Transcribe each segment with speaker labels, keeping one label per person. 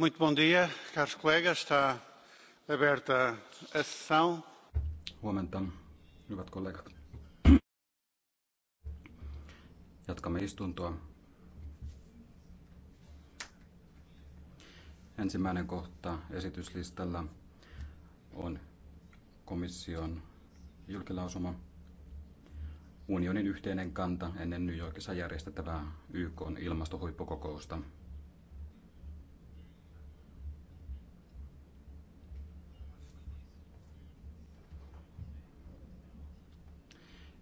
Speaker 1: Muito bom dia, caros colegas. Está aberta a sessão.
Speaker 2: Huomenta, hyvät kollegat. Jatkamme istuntoa. Ensimmäinen kohta esityslistalla on komission julkilausuma unionin yhteinen kanta ennen New Yorkissa järjestettävää YK ilmastohuippukokousta.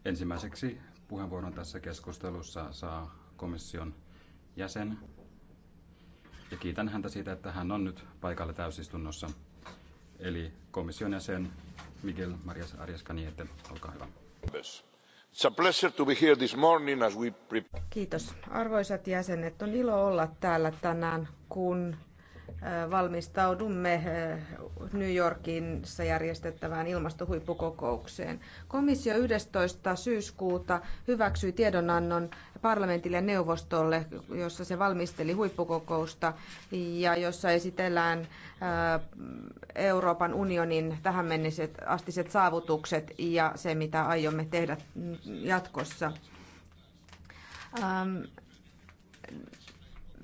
Speaker 2: Ensimmäiseksi puheenvuoron tässä keskustelussa saa komission jäsen. Ja kiitän häntä siitä, että hän on nyt paikalla täysistunnossa. Eli komission jäsen Miguel Marias Arias Caniete, olkaa hyvä.
Speaker 3: Kiitos. Arvoisat jäsenet, on ilo olla täällä tänään, kun valmistaudumme New Yorkissa järjestettävään ilmastohuippukokoukseen. Komissio 11. syyskuuta hyväksyi tiedonannon parlamentille ja neuvostolle, jossa se valmisteli huippukokousta ja jossa esitellään Euroopan unionin tähän menniset astiset saavutukset ja se, mitä aiomme tehdä jatkossa.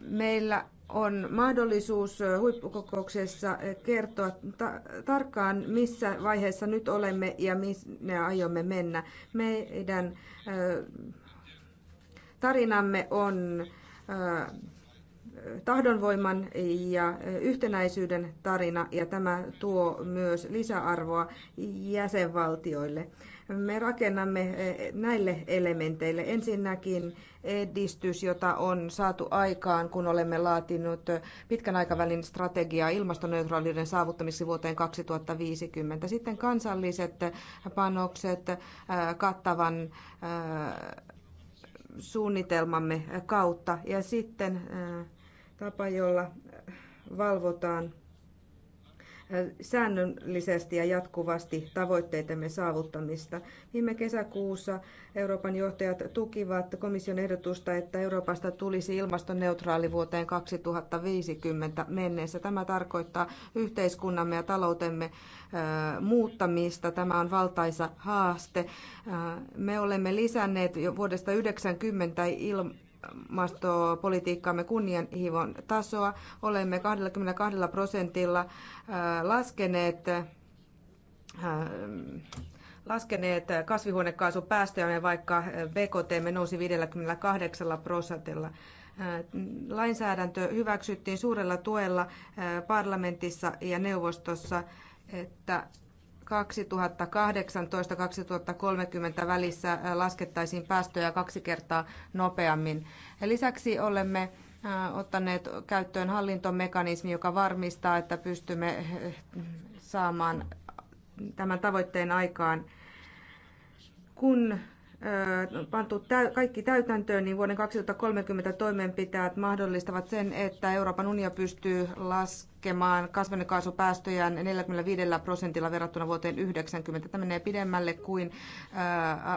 Speaker 3: Meillä on mahdollisuus huippukokouksessa kertoa ta- tarkkaan, missä vaiheessa nyt olemme ja minne aiomme mennä. Meidän ö, tarinamme on ö, tahdonvoiman ja yhtenäisyyden tarina, ja tämä tuo myös lisäarvoa jäsenvaltioille. Me rakennamme eh, näille elementeille ensinnäkin edistys, jota on saatu aikaan, kun olemme laatinut eh, pitkän aikavälin strategiaa ilmastoneutraaliuden saavuttamiseksi vuoteen 2050. Sitten kansalliset panokset eh, kattavan suunnitelmamme kautta ja sitten tapa, jolla valvotaan säännöllisesti ja jatkuvasti tavoitteitemme saavuttamista. Viime kesäkuussa Euroopan johtajat tukivat komission ehdotusta, että Euroopasta tulisi ilmastoneutraali vuoteen 2050 mennessä. Tämä tarkoittaa yhteiskunnamme ja taloutemme muuttamista. Tämä on valtaisa haaste. Me olemme lisänneet jo vuodesta 1990 ilmastopolitiikkaamme kunnianhivon tasoa. Olemme 22 prosentilla äh, laskeneet äh, laskeneet kasvihuonekaasupäästöjämme, vaikka BKT nousi 58 prosentilla. Äh, lainsäädäntö hyväksyttiin suurella tuella parlamentissa ja neuvostossa, että 2018-2030 välissä laskettaisiin päästöjä kaksi kertaa nopeammin. Lisäksi olemme ottaneet käyttöön hallintomekanismi, joka varmistaa, että pystymme eh, saamaan tämän tavoitteen aikaan. Kun pantu kaikki täytäntöön, niin vuoden 2030 toimenpiteet mahdollistavat sen, että Euroopan unia pystyy laskemaan kasvihuonekaasupäästöjään 45 prosentilla verrattuna vuoteen 90. Tämä menee pidemmälle kuin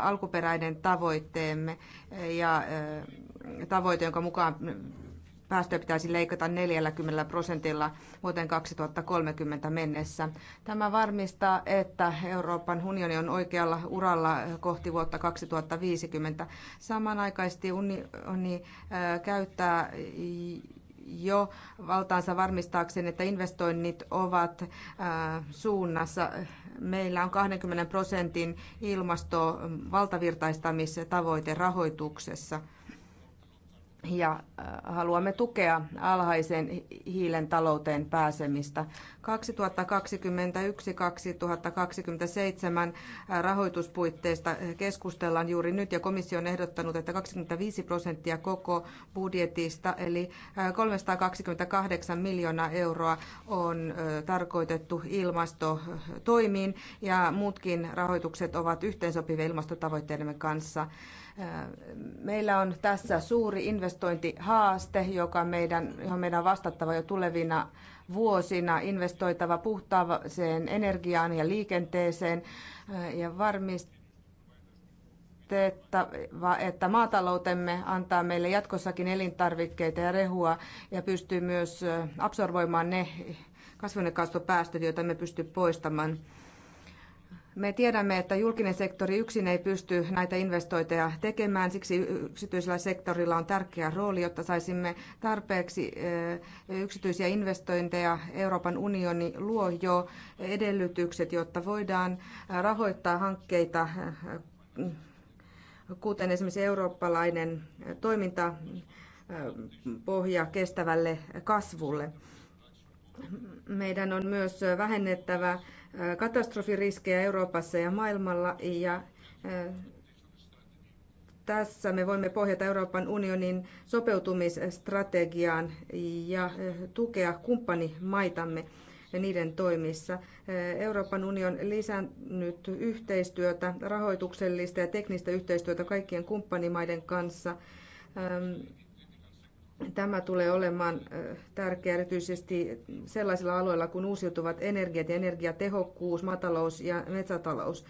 Speaker 3: alkuperäinen tavoitteemme ja tavoite, jonka mukaan päästöjä pitäisi leikata 40 prosentilla vuoteen 2030 mennessä. Tämä varmistaa, että Euroopan unioni on oikealla uralla kohti vuotta 2050. Samanaikaisesti unioni käyttää jo valtaansa varmistaakseen, että investoinnit ovat suunnassa. Meillä on 20 prosentin ilmastovaltavirtaistamistavoite rahoituksessa – ja äh, haluamme tukea alhaisen hiilen talouteen pääsemistä. 2021-2027 äh, rahoituspuitteista äh, keskustellaan juuri nyt ja komissio on ehdottanut, että 25 prosenttia koko budjetista eli 328 miljoonaa euroa on tarkoitettu ilmastotoimiin ja muutkin rahoitukset ovat yhteensopivia ilmastotavoitteiden kanssa. Meillä on tässä suuri investointihaaste, joka meidän, johon meidän on vastattava jo tulevina vuosina, investoitava puhtaaseen energiaan ja liikenteeseen äh, ja varmistettava, että maataloutemme antaa meille jatkossakin elintarvikkeita ja rehua ja pystyy myös äh, absorboimaan ne kasvihuonekaasupäästöt, joita me pystyy poistamaan. Me tiedämme, että julkinen sektori yksin ei pysty näitä investointeja tekemään, siksi yksityisellä sektorilla on tärkeä rooli, jotta saisimme tarpeeksi yksityisiä investointeja. Euroopan unioni luo jo edellytykset, jotta voidaan rahoittaa hankkeita, kuten esimerkiksi eurooppalainen toimintapohja kestävälle kasvulle. Meidän on myös vähennettävä katastrofiriskejä Euroopassa ja maailmalla ja tässä me voimme pohjata Euroopan unionin sopeutumisstrategiaan ja tukea kumppanimaitamme ja niiden toimissa. Euroopan union lisännyt yhteistyötä, rahoituksellista ja teknistä yhteistyötä kaikkien kumppanimaiden kanssa Tämä tulee olemaan tärkeä erityisesti sellaisilla aloilla kuin uusiutuvat energiat ja energiatehokkuus, matalous ja metsätalous.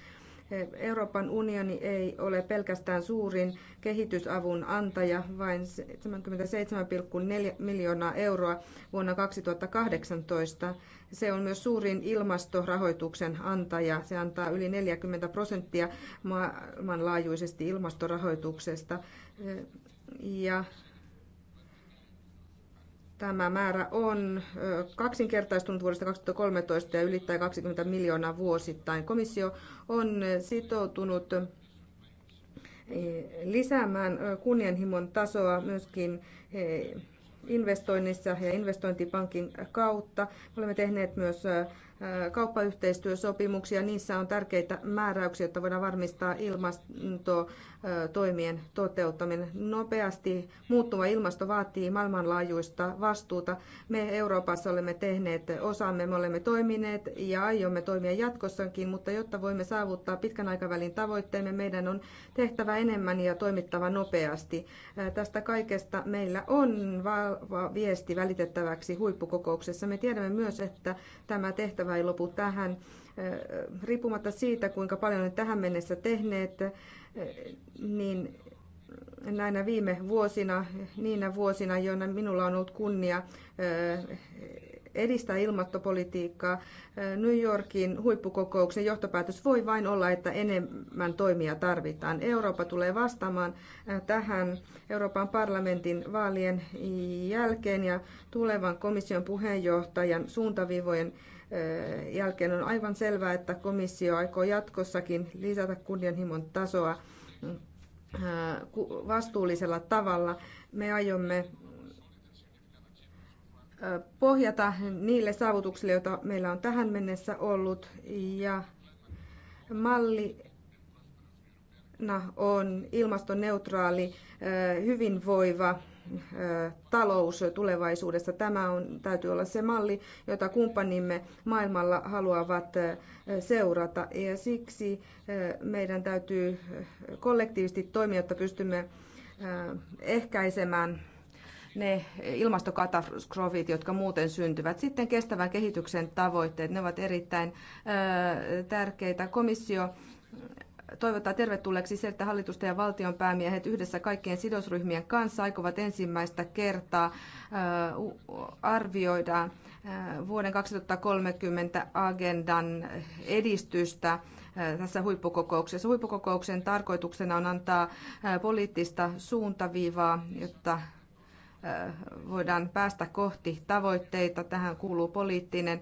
Speaker 3: Euroopan unioni ei ole pelkästään suurin kehitysavun antaja, vain 77,4 miljoonaa euroa vuonna 2018. Se on myös suurin ilmastorahoituksen antaja. Se antaa yli 40 prosenttia maailmanlaajuisesti ilmastorahoituksesta. Ja Tämä määrä on kaksinkertaistunut vuodesta 2013 ja ylittää 20 miljoonaa vuosittain. Komissio on sitoutunut lisäämään kunnianhimon tasoa myöskin investoinnissa ja investointipankin kautta. Olemme tehneet myös kauppayhteistyösopimuksia. Niissä on tärkeitä määräyksiä, jotta voidaan varmistaa ilmasto toimien toteuttaminen. Nopeasti muuttuva ilmasto vaatii maailmanlaajuista vastuuta. Me Euroopassa olemme tehneet osamme, me olemme toimineet ja aiomme toimia jatkossakin, mutta jotta voimme saavuttaa pitkän aikavälin tavoitteemme, meidän on tehtävä enemmän ja toimittava nopeasti. Tästä kaikesta meillä on vahva viesti välitettäväksi huippukokouksessa. Me tiedämme myös, että tämä tehtävä ei lopu tähän riippumatta siitä, kuinka paljon ne tähän mennessä tehneet, niin näinä viime vuosina, niinä vuosina, joina minulla on ollut kunnia edistää ilmastopolitiikkaa, New Yorkin huippukokouksen johtopäätös voi vain olla, että enemmän toimia tarvitaan. Eurooppa tulee vastaamaan tähän Euroopan parlamentin vaalien jälkeen ja tulevan komission puheenjohtajan suuntaviivojen jälkeen on aivan selvää, että komissio aikoo jatkossakin lisätä kunnianhimon tasoa vastuullisella tavalla. Me aiomme pohjata niille saavutuksille, joita meillä on tähän mennessä ollut. Ja mallina on ilmastoneutraali, hyvinvoiva talous tulevaisuudessa. Tämä on, täytyy olla se malli, jota kumppanimme maailmalla haluavat seurata. Ja siksi meidän täytyy kollektiivisesti toimia, jotta pystymme ehkäisemään ne ilmastokatastrofit, jotka muuten syntyvät. Sitten kestävän kehityksen tavoitteet, ne ovat erittäin tärkeitä. Komissio toivottaa tervetulleeksi se, että hallitusta ja valtion päämiehet yhdessä kaikkien sidosryhmien kanssa aikovat ensimmäistä kertaa arvioida vuoden 2030 agendan edistystä tässä huippukokouksessa. Huippukokouksen tarkoituksena on antaa poliittista suuntaviivaa, jotta voidaan päästä kohti tavoitteita. Tähän kuuluu poliittinen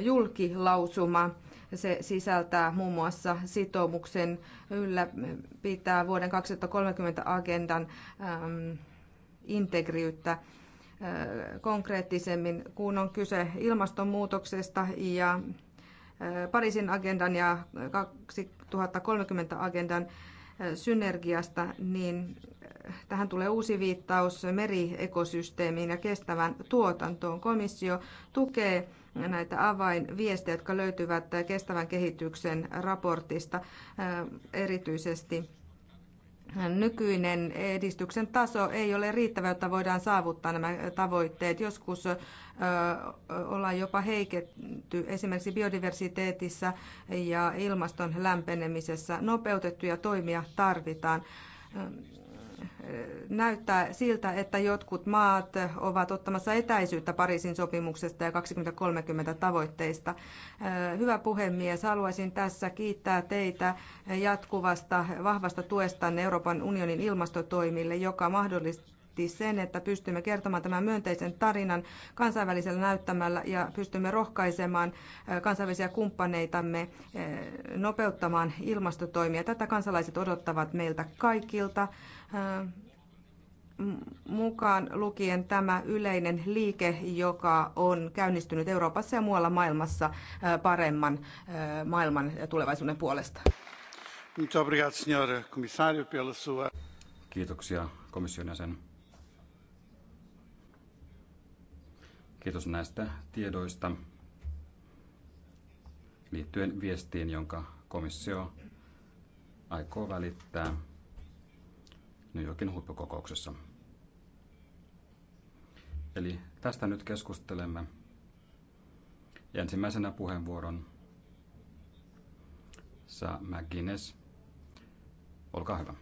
Speaker 3: julkilausuma se sisältää muun muassa sitoumuksen ylläpitää vuoden 2030 agendan ähm, integriyttä äh, konkreettisemmin, kun on kyse ilmastonmuutoksesta ja äh, Pariisin agendan ja 2030 agendan äh, synergiasta, niin tähän tulee uusi viittaus meriekosysteemiin ja kestävän tuotantoon. Komissio tukee näitä avainviestejä, jotka löytyvät kestävän kehityksen raportista erityisesti nykyinen edistyksen taso ei ole riittävä, jotta voidaan saavuttaa nämä tavoitteet. Joskus ollaan jopa heiketty esimerkiksi biodiversiteetissä ja ilmaston lämpenemisessä. Nopeutettuja toimia tarvitaan näyttää siltä, että jotkut maat ovat ottamassa etäisyyttä Pariisin sopimuksesta ja 2030 tavoitteista. Äh, hyvä puhemies, haluaisin tässä kiittää teitä jatkuvasta vahvasta tuestanne Euroopan unionin ilmastotoimille, joka mahdollistaa varmasti sen, että pystymme kertomaan tämän myönteisen tarinan kansainvälisellä näyttämällä ja pystymme rohkaisemaan kansainvälisiä kumppaneitamme nopeuttamaan ilmastotoimia. Tätä kansalaiset odottavat meiltä kaikilta mukaan lukien tämä yleinen liike, joka on käynnistynyt Euroopassa ja muualla maailmassa paremman maailman ja tulevaisuuden puolesta.
Speaker 2: Kiitoksia komission jäsen. Kiitos näistä tiedoista liittyen viestiin, jonka komissio aikoo välittää New Yorkin huippukokouksessa. Eli tästä nyt keskustelemme. Ja ensimmäisenä puheenvuoron saa McGuinness. Olkaa hyvä.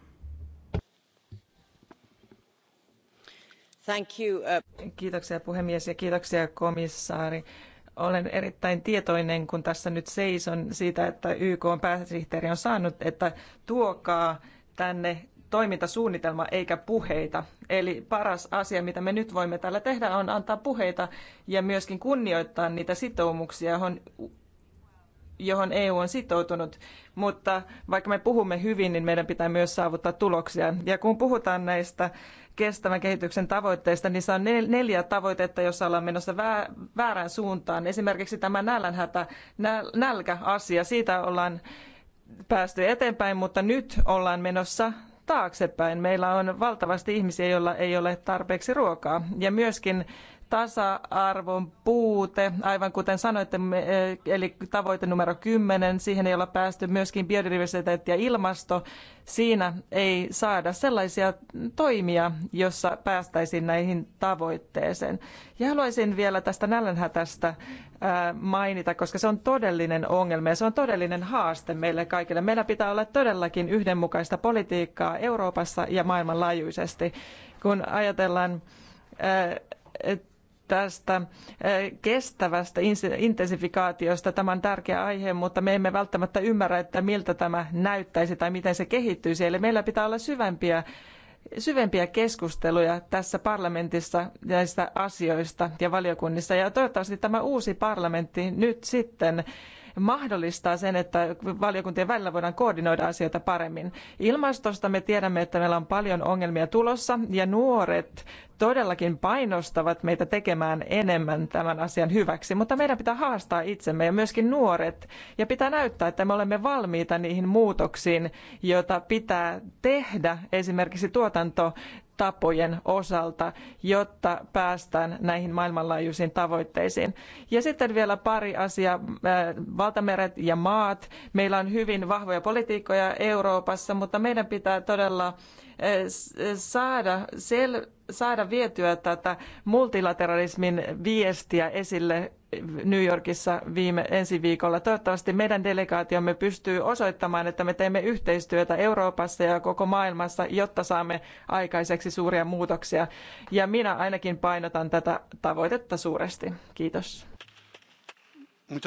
Speaker 4: arvoisa uh, Kiitoksia puhemies ja kiitoksia komissaari. Olen erittäin tietoinen, kun tässä nyt seison siitä, että YK n pääsihteeri on saanut, että tuokaa tänne toimintasuunnitelma eikä puheita. Eli paras asia, mitä me nyt voimme täällä tehdä, on antaa puheita ja myöskin kunnioittaa niitä sitoumuksia, johon EU on sitoutunut. Mutta vaikka me puhumme hyvin, niin meidän pitää myös saavuttaa tuloksia. Ja kun puhutaan näistä kestävän kehityksen tavoitteista, niin se on neljä tavoitetta, jossa ollaan menossa väärään suuntaan. Esimerkiksi tämä nälänhätä, nälkäasia, siitä ollaan päästy eteenpäin, mutta nyt ollaan menossa taaksepäin. Meillä on valtavasti ihmisiä, joilla ei ole tarpeeksi ruokaa. Ja myöskin tasa-arvon puute, aivan kuten sanoitte, eh, eli tavoite numero 10, siihen ei olla päästy myöskin biodiversiteetti ja ilmasto. Siinä ei saada sellaisia toimia, jossa päästäisiin näihin tavoitteeseen. Ja haluaisin vielä tästä nälänhätästä eh, mainita, koska se on todellinen ongelma ja se on todellinen haaste meille kaikille. Meillä pitää olla todellakin yhdenmukaista politiikkaa Euroopassa ja maailmanlaajuisesti. Kun ajatellaan eh, tästä eh, kestävästä intensifikaatiosta. Tämä on tärkeä aihe, mutta me emme välttämättä ymmärrä, että miltä tämä näyttäisi tai miten se kehittyisi. Eli meillä pitää olla syvempiä syvempiä keskusteluja tässä parlamentissa näistä asioista ja valiokunnissa. Ja toivottavasti tämä uusi parlamentti nyt sitten mahdollistaa sen, että valiokuntien välillä voidaan koordinoida asioita paremmin. Ilmastosta me tiedämme, että meillä on paljon ongelmia tulossa ja nuoret todellakin painostavat meitä tekemään enemmän tämän asian hyväksi, mutta meidän pitää haastaa itsemme ja myöskin nuoret ja pitää näyttää, että me olemme valmiita niihin muutoksiin, joita pitää tehdä esimerkiksi tuotanto tapojen osalta, jotta päästään näihin maailmanlaajuisiin tavoitteisiin. Ja sitten vielä pari asiaa, äh, valtameret ja maat. Meillä on hyvin vahvoja politiikkoja Euroopassa, mutta meidän pitää todella saada, sel, saada vietyä tätä multilateralismin viestiä esille New Yorkissa viime ensi viikolla. Toivottavasti meidän delegaatiomme pystyy osoittamaan, että me teemme yhteistyötä Euroopassa ja koko maailmassa, jotta saamme aikaiseksi suuria muutoksia. Ja minä ainakin painotan tätä tavoitetta suuresti. Kiitos.
Speaker 1: Eh,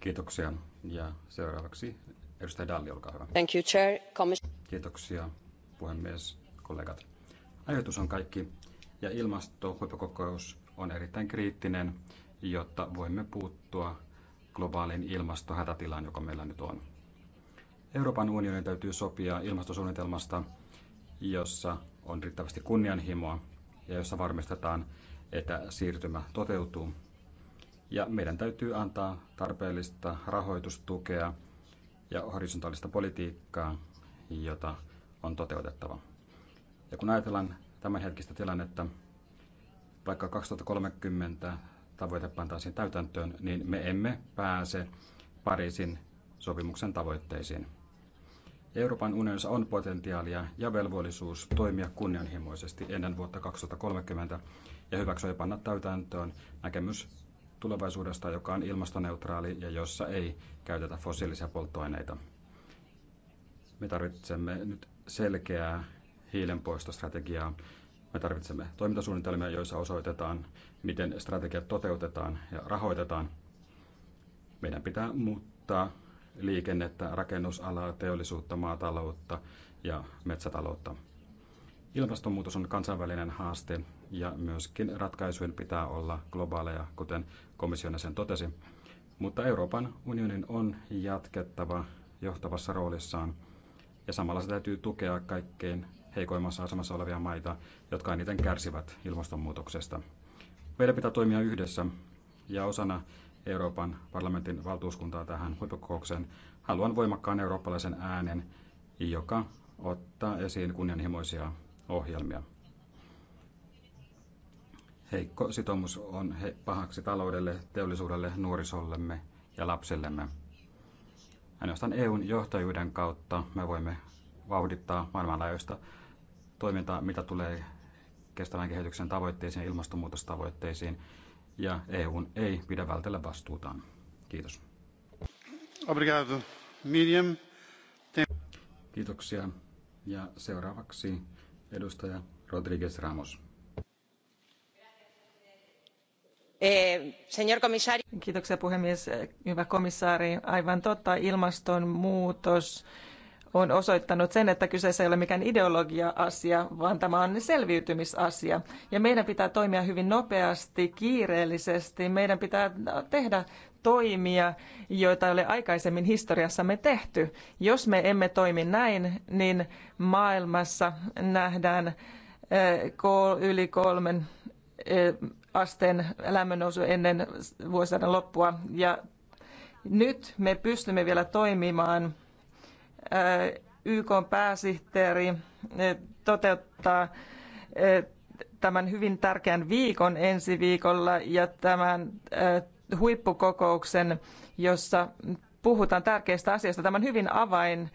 Speaker 2: Kiitoksia. Ja seuraavaksi Edustaja Dalli, olkaa hyvä. Thank you, chair. Kiitoksia, puhemies, kollegat. Ajoitus on kaikki ja ilmastohuippukokous on erittäin kriittinen, jotta voimme puuttua globaalin ilmastohätätilaan, joka meillä nyt on. Euroopan unionin täytyy sopia ilmastosuunnitelmasta, jossa on riittävästi kunnianhimoa ja jossa varmistetaan, että siirtymä toteutuu. Ja meidän täytyy antaa tarpeellista rahoitustukea ja horisontaalista politiikkaa, jota on toteutettava. Ja kun ajatellaan tämänhetkistä tilannetta, vaikka 2030 tavoite pantaisiin täytäntöön, niin me emme pääse Pariisin sopimuksen tavoitteisiin. Euroopan unionissa on potentiaalia ja velvollisuus toimia kunnianhimoisesti ennen vuotta 2030 ja hyväksyä ja panna täytäntöön näkemys tulevaisuudesta, joka on ilmastoneutraali ja jossa ei käytetä fossiilisia polttoaineita. Me tarvitsemme nyt selkeää hiilenpoistostrategiaa. Me tarvitsemme toimintasuunnitelmia, joissa osoitetaan, miten strategiat toteutetaan ja rahoitetaan. Meidän pitää muuttaa liikennettä, rakennusalaa, teollisuutta, maataloutta ja metsätaloutta. Ilmastonmuutos on kansainvälinen haaste ja myöskin ratkaisujen pitää olla globaaleja, kuten komission sen totesi. Mutta Euroopan unionin on jatkettava johtavassa roolissaan ja samalla se täytyy tukea kaikkein heikoimmassa asemassa olevia maita, jotka eniten kärsivät ilmastonmuutoksesta. Meidän pitää toimia yhdessä ja osana Euroopan parlamentin valtuuskuntaa tähän huippukokoukseen haluan voimakkaan eurooppalaisen äänen, joka ottaa esiin kunnianhimoisia ohjelmia. Heikko sitoumus on he pahaksi taloudelle, teollisuudelle, nuorisollemme ja lapsillemme. Ainoastaan EUn johtajuuden kautta me voimme vauhdittaa maailmanlaajuista toimintaa, mitä tulee kestävän kehityksen tavoitteisiin ja ilmastonmuutostavoitteisiin, ja EUn ei pidä vältellä vastuutaan. Kiitos.
Speaker 1: Obrigado. Miriam.
Speaker 2: Kiitoksia. Ja seuraavaksi Edustaja Rodríguez Ramos.
Speaker 5: Eh, Kiitoksia
Speaker 4: puhemies. Hyvä komissaari, aivan totta, ilmastonmuutos on osoittanut sen, että kyseessä ei ole mikään ideologia-asia, vaan tämä on selviytymisasia. Ja meidän pitää toimia hyvin nopeasti, kiireellisesti. Meidän pitää tehdä toimia, joita ei ole aikaisemmin historiassamme tehty. Jos me emme toimi näin, niin maailmassa nähdään eh, yli kolmen eh, asteen lämmönnousu ennen vuosisadan loppua. Ja nyt me pystymme vielä toimimaan. Eh, YK pääsihteeri toteuttaa tämän hyvin tärkeän viikon ensi viikolla ja tämän huippukokouksen, jossa puhutaan tärkeistä asioista. Tämä on hyvin avain,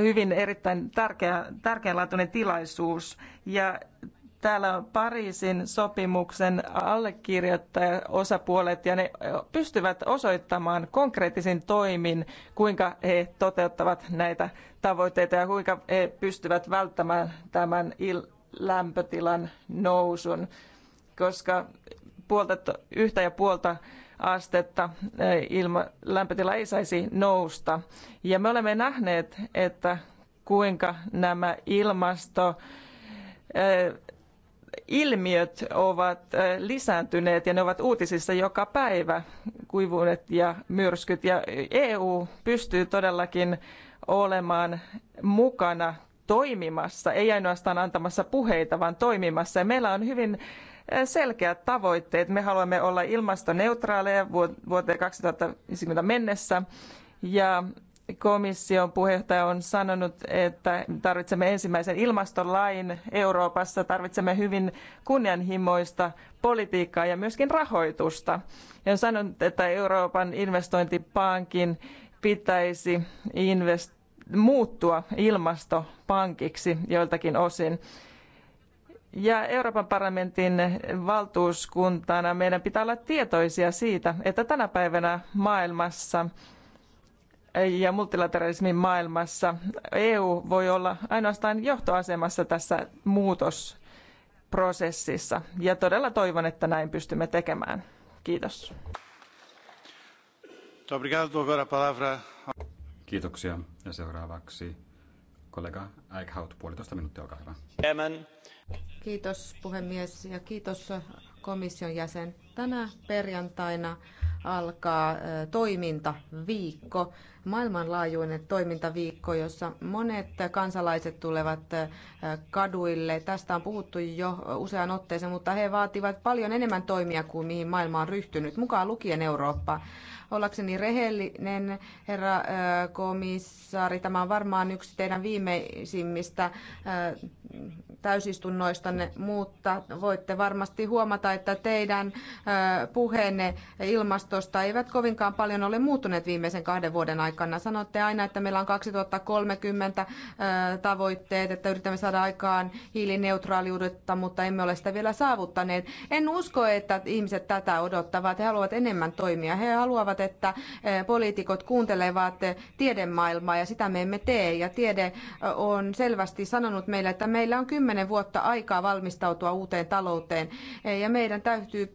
Speaker 4: hyvin erittäin tärkeä, tärkeänlaatuinen tilaisuus. Ja täällä on Pariisin sopimuksen allekirjoittaja osapuolet ja ne pystyvät osoittamaan konkreettisin toimin, kuinka he toteuttavat näitä tavoitteita ja kuinka he pystyvät välttämään tämän lämpötilan nousun koska puolta, yhtä ja puolta astetta ilma, lämpötila ei saisi nousta. Ja me olemme nähneet, että kuinka nämä ilmasto ilmiöt ovat lisääntyneet ja ne ovat uutisissa joka päivä, kuivuudet ja myrskyt. Ja EU pystyy todellakin olemaan mukana toimimassa, ei ainoastaan antamassa puheita, vaan toimimassa. Ja meillä on hyvin selkeät tavoitteet. Me haluamme olla ilmastoneutraaleja vuoteen 2050 mennessä ja komission puheenjohtaja on sanonut, että tarvitsemme ensimmäisen ilmastolain Euroopassa, tarvitsemme hyvin kunnianhimoista politiikkaa ja myöskin rahoitusta. Ja on sanonut, että Euroopan investointipankin pitäisi invest- muuttua ilmastopankiksi joiltakin osin. Ja Euroopan parlamentin valtuuskuntana meidän pitää olla tietoisia siitä, että tänä päivänä maailmassa ja multilateralismin maailmassa EU voi olla ainoastaan johtoasemassa tässä muutosprosessissa. Ja todella toivon, että näin pystymme tekemään. Kiitos.
Speaker 2: Kiitoksia. Ja seuraavaksi kollega Eichhout, puolitoista minuuttia, olkaa hyvä.
Speaker 3: Kiitos puhemies ja kiitos äh, komission jäsen. Tänä perjantaina alkaa äh, toimintaviikko, maailmanlaajuinen toimintaviikko, jossa monet kansalaiset tulevat äh, kaduille. Tästä on puhuttu jo useaan otteeseen, mutta he vaativat paljon enemmän toimia kuin mihin maailma on ryhtynyt, mukaan lukien Eurooppa. Ollakseni rehellinen, herra komissaari, tämä on varmaan yksi teidän viimeisimmistä täysistunnoistanne, mutta voitte varmasti huomata, että teidän puheenne ilmastosta eivät kovinkaan paljon ole muuttuneet viimeisen kahden vuoden aikana. Sanotte aina, että meillä on 2030 tavoitteet, että yritämme saada aikaan hiilineutraaliudetta, mutta emme ole sitä vielä saavuttaneet. En usko, että ihmiset tätä odottavat. He haluavat enemmän toimia. He haluavat toivovat, että eh, poliitikot kuuntelevat eh, tiedemaailmaa ja sitä me emme tee. Ja tiede eh, on selvästi sanonut meille, että meillä on kymmenen vuotta aikaa valmistautua uuteen talouteen ja meidän täytyy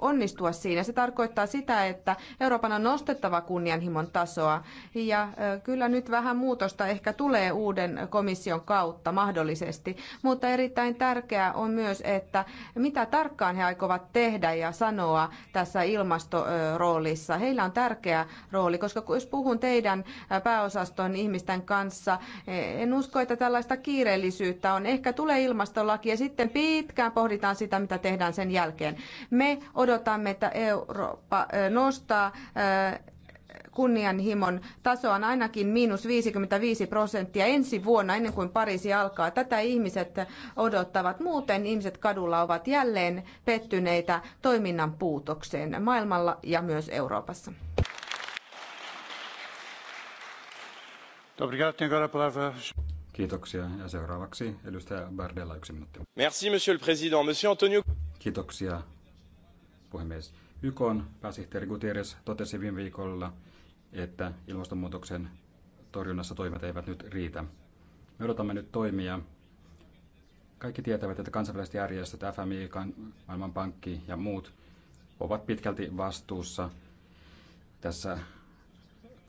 Speaker 3: onnistua siinä. Se tarkoittaa sitä, että Euroopan on nostettava kunnianhimon tasoa ja kyllä nyt vähän muutosta ehkä tulee uuden komission kautta mahdollisesti, mutta erittäin tärkeää on myös, että mitä tarkkaan he aikovat tehdä ja sanoa tässä ilmastoroolissa. Heillä on tärkeä rooli, koska jos puhun teidän pääosaston ihmisten kanssa, e, en usko, että tällaista kiireellisyyttä on. Ehkä tulee ilmastolaki ja sitten pitkään pohditaan sitä, mitä tehdään sen jälkeen. Me odotamme odotamme, että Eurooppa nostaa kunnianhimon tasoa on ainakin miinus 55 prosenttia ensi vuonna ennen kuin Pariisi alkaa. Tätä ihmiset odottavat. Muuten ihmiset kadulla ovat jälleen pettyneitä toiminnan puutokseen maailmalla ja myös Euroopassa.
Speaker 2: Kiitoksia. Ja seuraavaksi edustaja Bardella yksi minuutti.
Speaker 3: Merci,
Speaker 5: monsieur le président. Monsieur Antonio...
Speaker 2: Kiitoksia, puhemies. YK on pääsihteeri Gutierrez totesi viime viikolla, että ilmastonmuutoksen torjunnassa toimet eivät nyt riitä. Me odotamme nyt toimia. Kaikki tietävät, että kansainväliset järjestöt, FMI, Maailmanpankki ja muut ovat pitkälti vastuussa tässä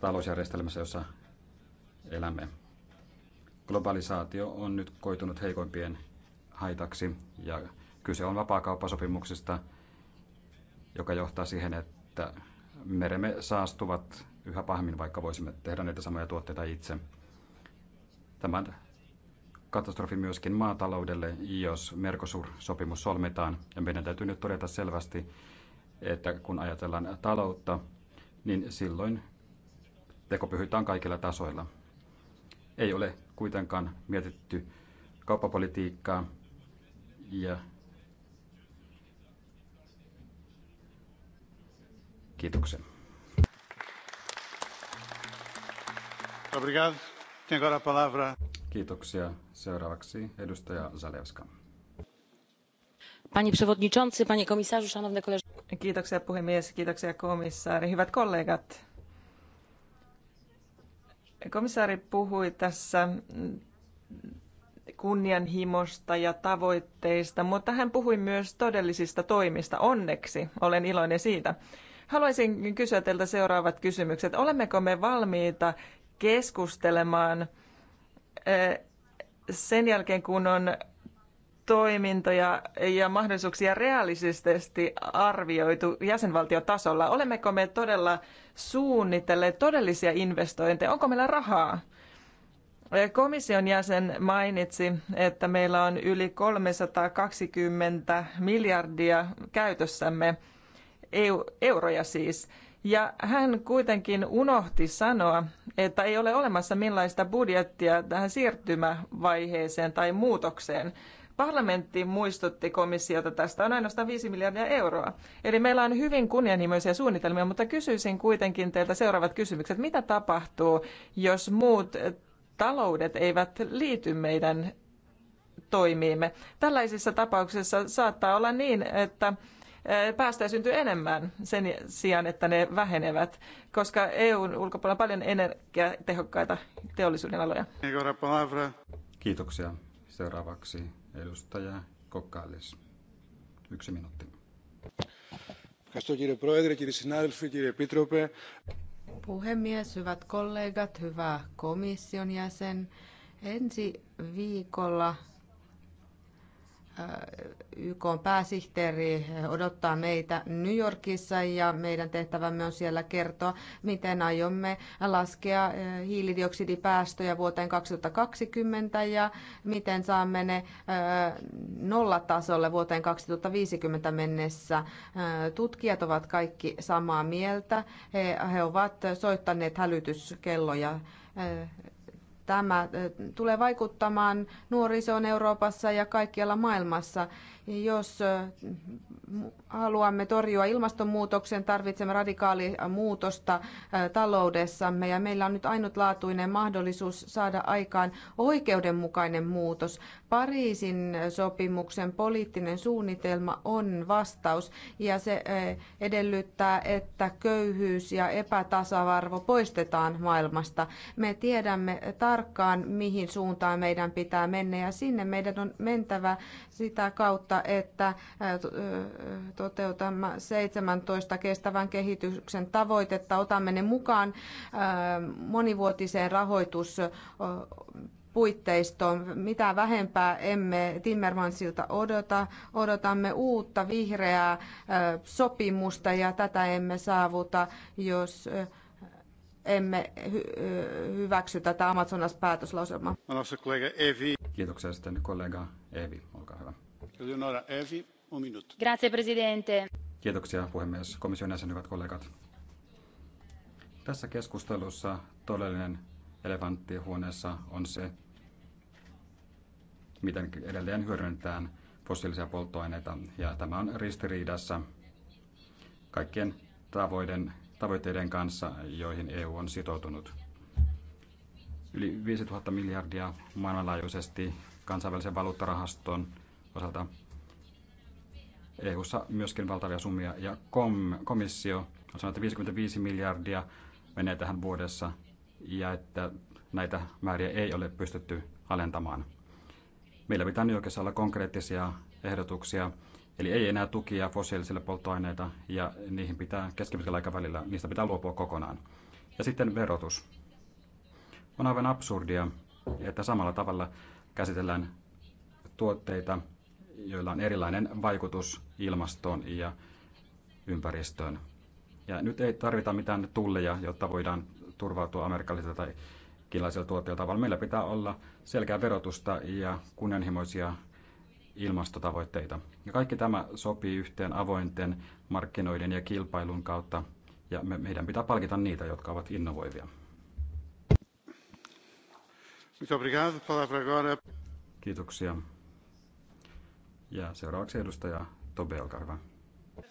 Speaker 2: talousjärjestelmässä, jossa elämme. Globalisaatio on nyt koitunut heikoimpien haitaksi ja kyse on vapaakauppasopimuksista, joka johtaa siihen, että meremme saastuvat yhä pahemmin, vaikka voisimme tehdä näitä samoja tuotteita itse. Tämän katastrofi myöskin maataloudelle, jos Mercosur-sopimus solmitaan. Ja meidän täytyy nyt todeta selvästi, että kun ajatellaan taloutta, niin silloin teko pyhytään kaikilla tasoilla. Ei ole kuitenkaan mietitty kauppapolitiikkaa ja Kiitoksia. Kiitoksia. Seuraavaksi edustaja Zalewska.
Speaker 4: Panie przewodniczący, panie komisarzu, szanowne koleżanki. Kiitoksia puhemies, kiitoksia komissaari. Hyvät kollegat, komissaari puhui tässä kunnianhimosta ja tavoitteista, mutta hän puhui myös todellisista toimista. Onneksi olen iloinen siitä. Haluaisin kysyä teiltä seuraavat kysymykset. Olemmeko me valmiita keskustelemaan eh, sen jälkeen, kun on toimintoja ja mahdollisuuksia realistisesti arvioitu jäsenvaltiotasolla? Olemmeko me todella suunnitelleet todellisia investointeja? Onko meillä rahaa? Eh, komission jäsen mainitsi, että meillä on yli 320 miljardia käytössämme EU, euroja siis. Ja hän kuitenkin unohti sanoa, että ei ole olemassa millaista budjettia tähän siirtymävaiheeseen tai muutokseen. Parlamentti muistutti komissiota tästä on ainoastaan 5 miljardia euroa. Eli meillä on hyvin kunnianhimoisia suunnitelmia, mutta kysyisin kuitenkin teiltä seuraavat kysymykset. Mitä tapahtuu, jos muut taloudet eivät liity meidän toimiimme? Tällaisissa tapauksissa saattaa olla niin, että päästöjä syntyy enemmän sen sijaan, että ne vähenevät, koska EUn ulkopuolella on paljon energiatehokkaita teollisuuden aloja.
Speaker 2: Kiitoksia. Seuraavaksi edustaja Kokkalis. Yksi minuutti.
Speaker 3: Puhemies, hyvät kollegat, hyvä komission jäsen. Ensi viikolla YK pääsihteeri odottaa meitä New Yorkissa ja meidän tehtävämme on siellä kertoa, miten aiomme laskea hiilidioksidipäästöjä vuoteen 2020 ja miten saamme ne nollatasolle vuoteen 2050 mennessä. Tutkijat ovat kaikki samaa mieltä. He, he ovat soittaneet hälytyskelloja Tämä tulee vaikuttamaan nuorisoon Euroopassa ja kaikkialla maailmassa. Jos haluamme torjua ilmastonmuutoksen, tarvitsemme radikaalia muutosta taloudessamme ja meillä on nyt ainutlaatuinen mahdollisuus saada aikaan oikeudenmukainen muutos. Pariisin sopimuksen poliittinen suunnitelma on vastaus ja se edellyttää, että köyhyys ja epätasavarvo poistetaan maailmasta. Me tiedämme tarkkaan, mihin suuntaan meidän pitää mennä ja sinne meidän on mentävä sitä kautta, että toteutamme 17 kestävän kehityksen tavoitetta. Otamme ne mukaan monivuotiseen rahoitus puitteistoon. Mitä vähempää emme Timmermansilta odota. Odotamme uutta vihreää sopimusta ja tätä emme saavuta, jos emme hyväksy tätä Amazonas-päätöslauselmaa.
Speaker 2: Kiitoksia sitten kollega Evi, olkaa hyvä. Kiitoksia puhemies, komission jäsen, hyvät kollegat. Tässä keskustelussa todellinen elefantti huoneessa on se, miten edelleen hyödynnetään fossiilisia polttoaineita, ja tämä on ristiriidassa kaikkien tavoiden, tavoitteiden kanssa, joihin EU on sitoutunut. Yli 5000 miljardia maailmanlaajuisesti kansainvälisen valuuttarahaston osalta. EU-ssa myöskin valtavia summia ja kom- komissio on sanonut, että 55 miljardia menee tähän vuodessa ja että näitä määriä ei ole pystytty alentamaan. Meillä pitää New Yorkissa olla konkreettisia ehdotuksia, eli ei enää tukia fossiilisille polttoaineita ja niihin pitää keskipitkällä aikavälillä, niistä pitää luopua kokonaan. Ja sitten verotus. On aivan absurdia, että samalla tavalla käsitellään tuotteita, joilla on erilainen vaikutus ilmastoon ja ympäristöön. Ja nyt ei tarvita mitään tulleja, jotta voidaan turvautua amerikkalaisilta tai kiinalaisilta tuotteilta, vaan meillä pitää olla selkeää verotusta ja kunnianhimoisia ilmastotavoitteita. Ja kaikki tämä sopii yhteen avointen markkinoiden ja kilpailun kautta, ja me, meidän pitää palkita niitä, jotka ovat innovoivia. Kiitoksia. Ja seuraavaksi edustaja Tobe, olkaa hyvä.
Speaker 4: Uh,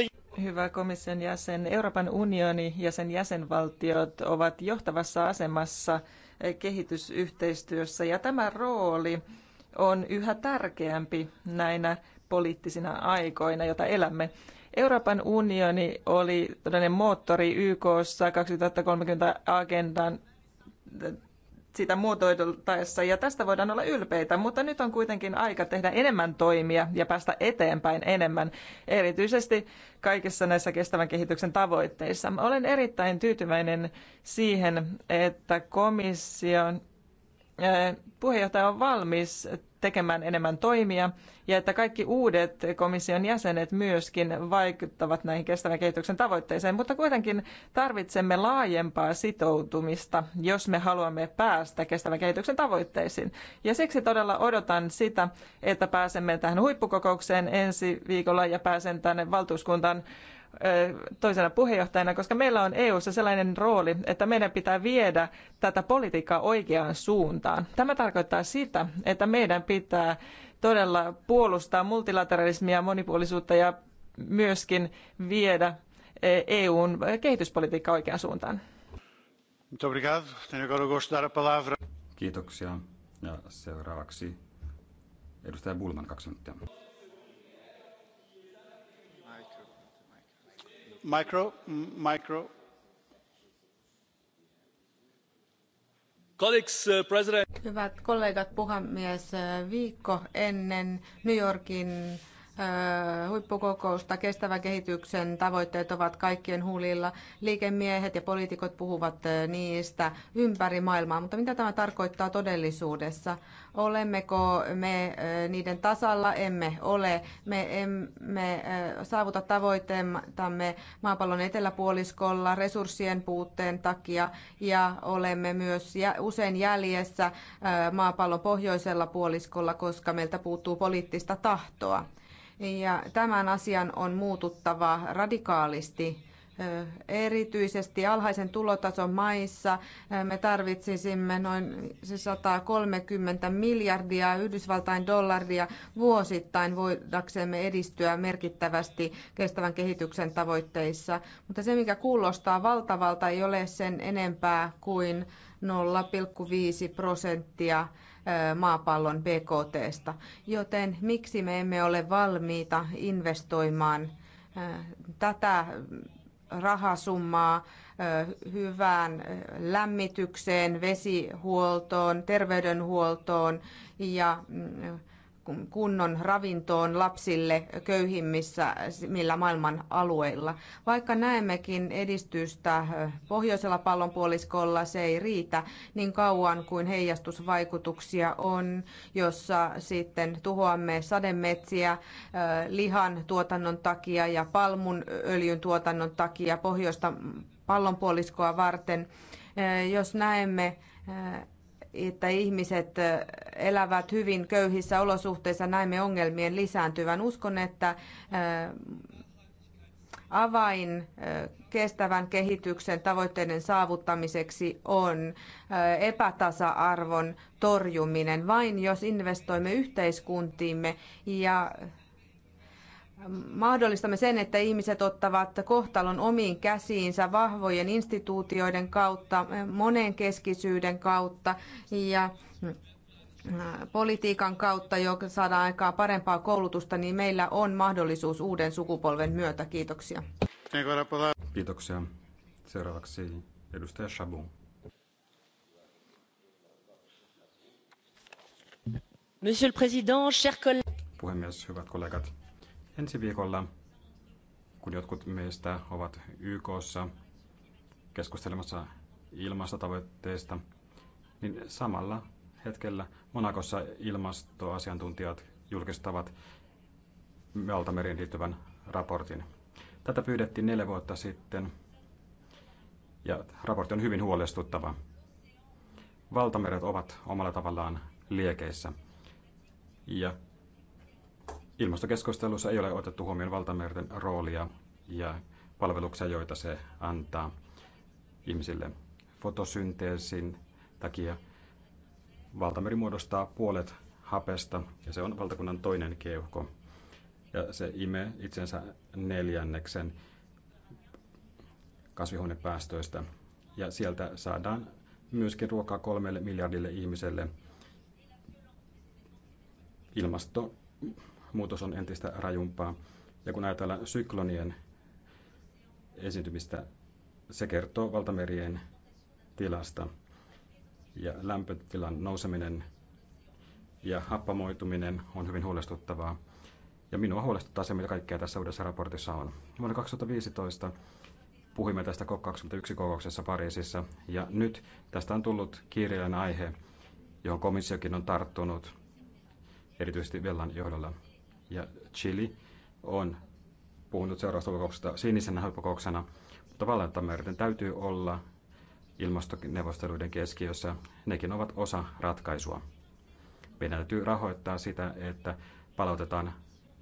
Speaker 4: uh, hyvä komission jäsen, Euroopan unioni ja sen jäsenvaltiot ovat johtavassa asemassa eh, kehitysyhteistyössä ja tämä rooli on yhä tärkeämpi näinä poliittisina aikoina, joita elämme. Euroopan unioni oli todellinen moottori YKssa 2030 agendan sitä muotoiltaessa ja tästä voidaan olla ylpeitä, mutta nyt on kuitenkin aika tehdä enemmän toimia ja päästä eteenpäin enemmän, erityisesti kaikissa näissä kestävän kehityksen tavoitteissa. Olen erittäin tyytyväinen siihen, että komission puheenjohtaja on valmis tekemään enemmän toimia ja että kaikki uudet komission jäsenet myöskin vaikuttavat näihin kestävän kehityksen tavoitteisiin, mutta kuitenkin tarvitsemme laajempaa sitoutumista, jos me haluamme päästä kestävän kehityksen tavoitteisiin. Ja siksi todella odotan sitä, että pääsemme tähän huippukokoukseen ensi viikolla ja pääsen tänne valtuuskuntaan toisena puheenjohtajana, koska meillä on EU:ssa sellainen rooli, että meidän pitää viedä tätä politiikkaa oikeaan suuntaan. Tämä tarkoittaa sitä, että meidän pitää todella puolustaa multilateralismia, monipuolisuutta ja myöskin viedä EUn kehityspolitiikka oikeaan suuntaan.
Speaker 2: Kiitoksia. Ja seuraavaksi edustaja Bulman kaksi minuuttia.
Speaker 1: Uh,
Speaker 3: Hyvät kollegat, puhemies, uh, viikko ennen New Yorkin huippukokousta kestävän kehityksen tavoitteet ovat kaikkien huulilla. Liikemiehet ja poliitikot puhuvat niistä ympäri maailmaa, mutta mitä tämä tarkoittaa todellisuudessa? Olemmeko me niiden tasalla? Emme ole. Me emme saavuta tavoitteemme maapallon eteläpuoliskolla resurssien puutteen takia ja olemme myös usein jäljessä maapallon pohjoisella puoliskolla, koska meiltä puuttuu poliittista tahtoa ja tämän asian on muututtava radikaalisti. Erityisesti alhaisen tulotason maissa me tarvitsisimme noin 130 miljardia Yhdysvaltain dollaria vuosittain voidaksemme edistyä merkittävästi kestävän kehityksen tavoitteissa. Mutta se, mikä kuulostaa valtavalta, ei ole sen enempää kuin 0,5 prosenttia maapallon BKTstä. Joten miksi me emme ole valmiita investoimaan tätä rahasummaa hyvään lämmitykseen, vesihuoltoon, terveydenhuoltoon ja mm, kunnon ravintoon lapsille köyhimmissä millä maailman alueilla. Vaikka näemmekin edistystä eh, pohjoisella pallonpuoliskolla, se ei riitä niin kauan kuin heijastusvaikutuksia on, jossa sitten tuhoamme sademetsiä eh, lihan tuotannon takia ja palmun öljyn tuotannon takia pohjoista pallonpuoliskoa varten. Eh, jos näemme että ihmiset elävät hyvin köyhissä olosuhteissa, näemme ongelmien lisääntyvän. Uskon, että avain kestävän kehityksen tavoitteiden saavuttamiseksi on epätasa-arvon torjuminen. Vain jos investoimme yhteiskuntiimme ja mahdollistamme sen, että ihmiset ottavat kohtalon omiin käsiinsä vahvojen instituutioiden kautta, monenkeskisyyden kautta ja äh, politiikan kautta, joka saadaan aikaa parempaa koulutusta, niin meillä on mahdollisuus uuden sukupolven myötä. Kiitoksia.
Speaker 2: Kiitoksia. Seuraavaksi edustaja Chabon.
Speaker 5: Monsieur le Président, chers collègues.
Speaker 2: Puhemies, hyvät kollegat Ensi viikolla, kun jotkut meistä ovat YKssa keskustelemassa ilmastotavoitteista, niin samalla hetkellä Monakossa ilmastoasiantuntijat julkistavat valtameriin liittyvän raportin. Tätä pyydettiin neljä vuotta sitten ja raportti on hyvin huolestuttava. Valtameret ovat omalla tavallaan liekeissä ja Ilmastokeskustelussa ei ole otettu huomioon valtamerten roolia ja palveluksia, joita se antaa ihmisille. Fotosynteesin takia valtameri muodostaa puolet hapesta ja se on valtakunnan toinen keuhko. Ja se imee itsensä neljänneksen kasvihuonepäästöistä. Ja sieltä saadaan myöskin ruokaa kolmelle miljardille ihmiselle. Ilmasto muutos on entistä rajumpaa. Ja kun ajatellaan syklonien esiintymistä, se kertoo valtamerien tilasta. Ja lämpötilan nouseminen ja happamoituminen on hyvin huolestuttavaa. Ja minua huolestuttaa se, mitä kaikkea tässä uudessa raportissa on. Vuonna 2015 puhuimme tästä COP21-kokouksessa Pariisissa, ja nyt tästä on tullut kiireellinen aihe, johon komissiokin on tarttunut, erityisesti Vellan johdolla ja Chile on puhunut seuraavasta kokouksesta sinisenä huippukouksena, mutta vallantamerten täytyy olla ilmastoneuvosteluiden keskiössä. Nekin ovat osa ratkaisua. Meidän täytyy rahoittaa sitä, että palautetaan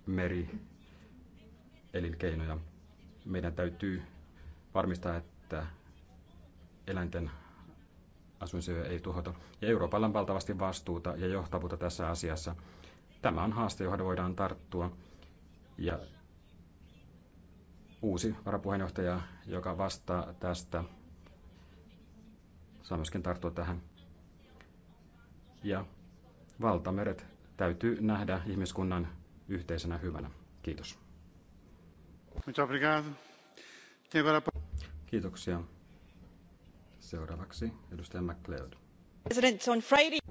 Speaker 2: meri elinkeinoja. Meidän täytyy varmistaa, että eläinten asuinsyö ei tuhota. Ja Euroopalla on valtavasti vastuuta ja johtavuutta tässä asiassa. Tämä on haaste, johon voidaan tarttua. Ja uusi varapuheenjohtaja, joka vastaa tästä, saa myöskin tarttua tähän. Ja valtameret täytyy nähdä ihmiskunnan yhteisenä hyvänä. Kiitos. Kiitoksia. Seuraavaksi edustaja McLeod.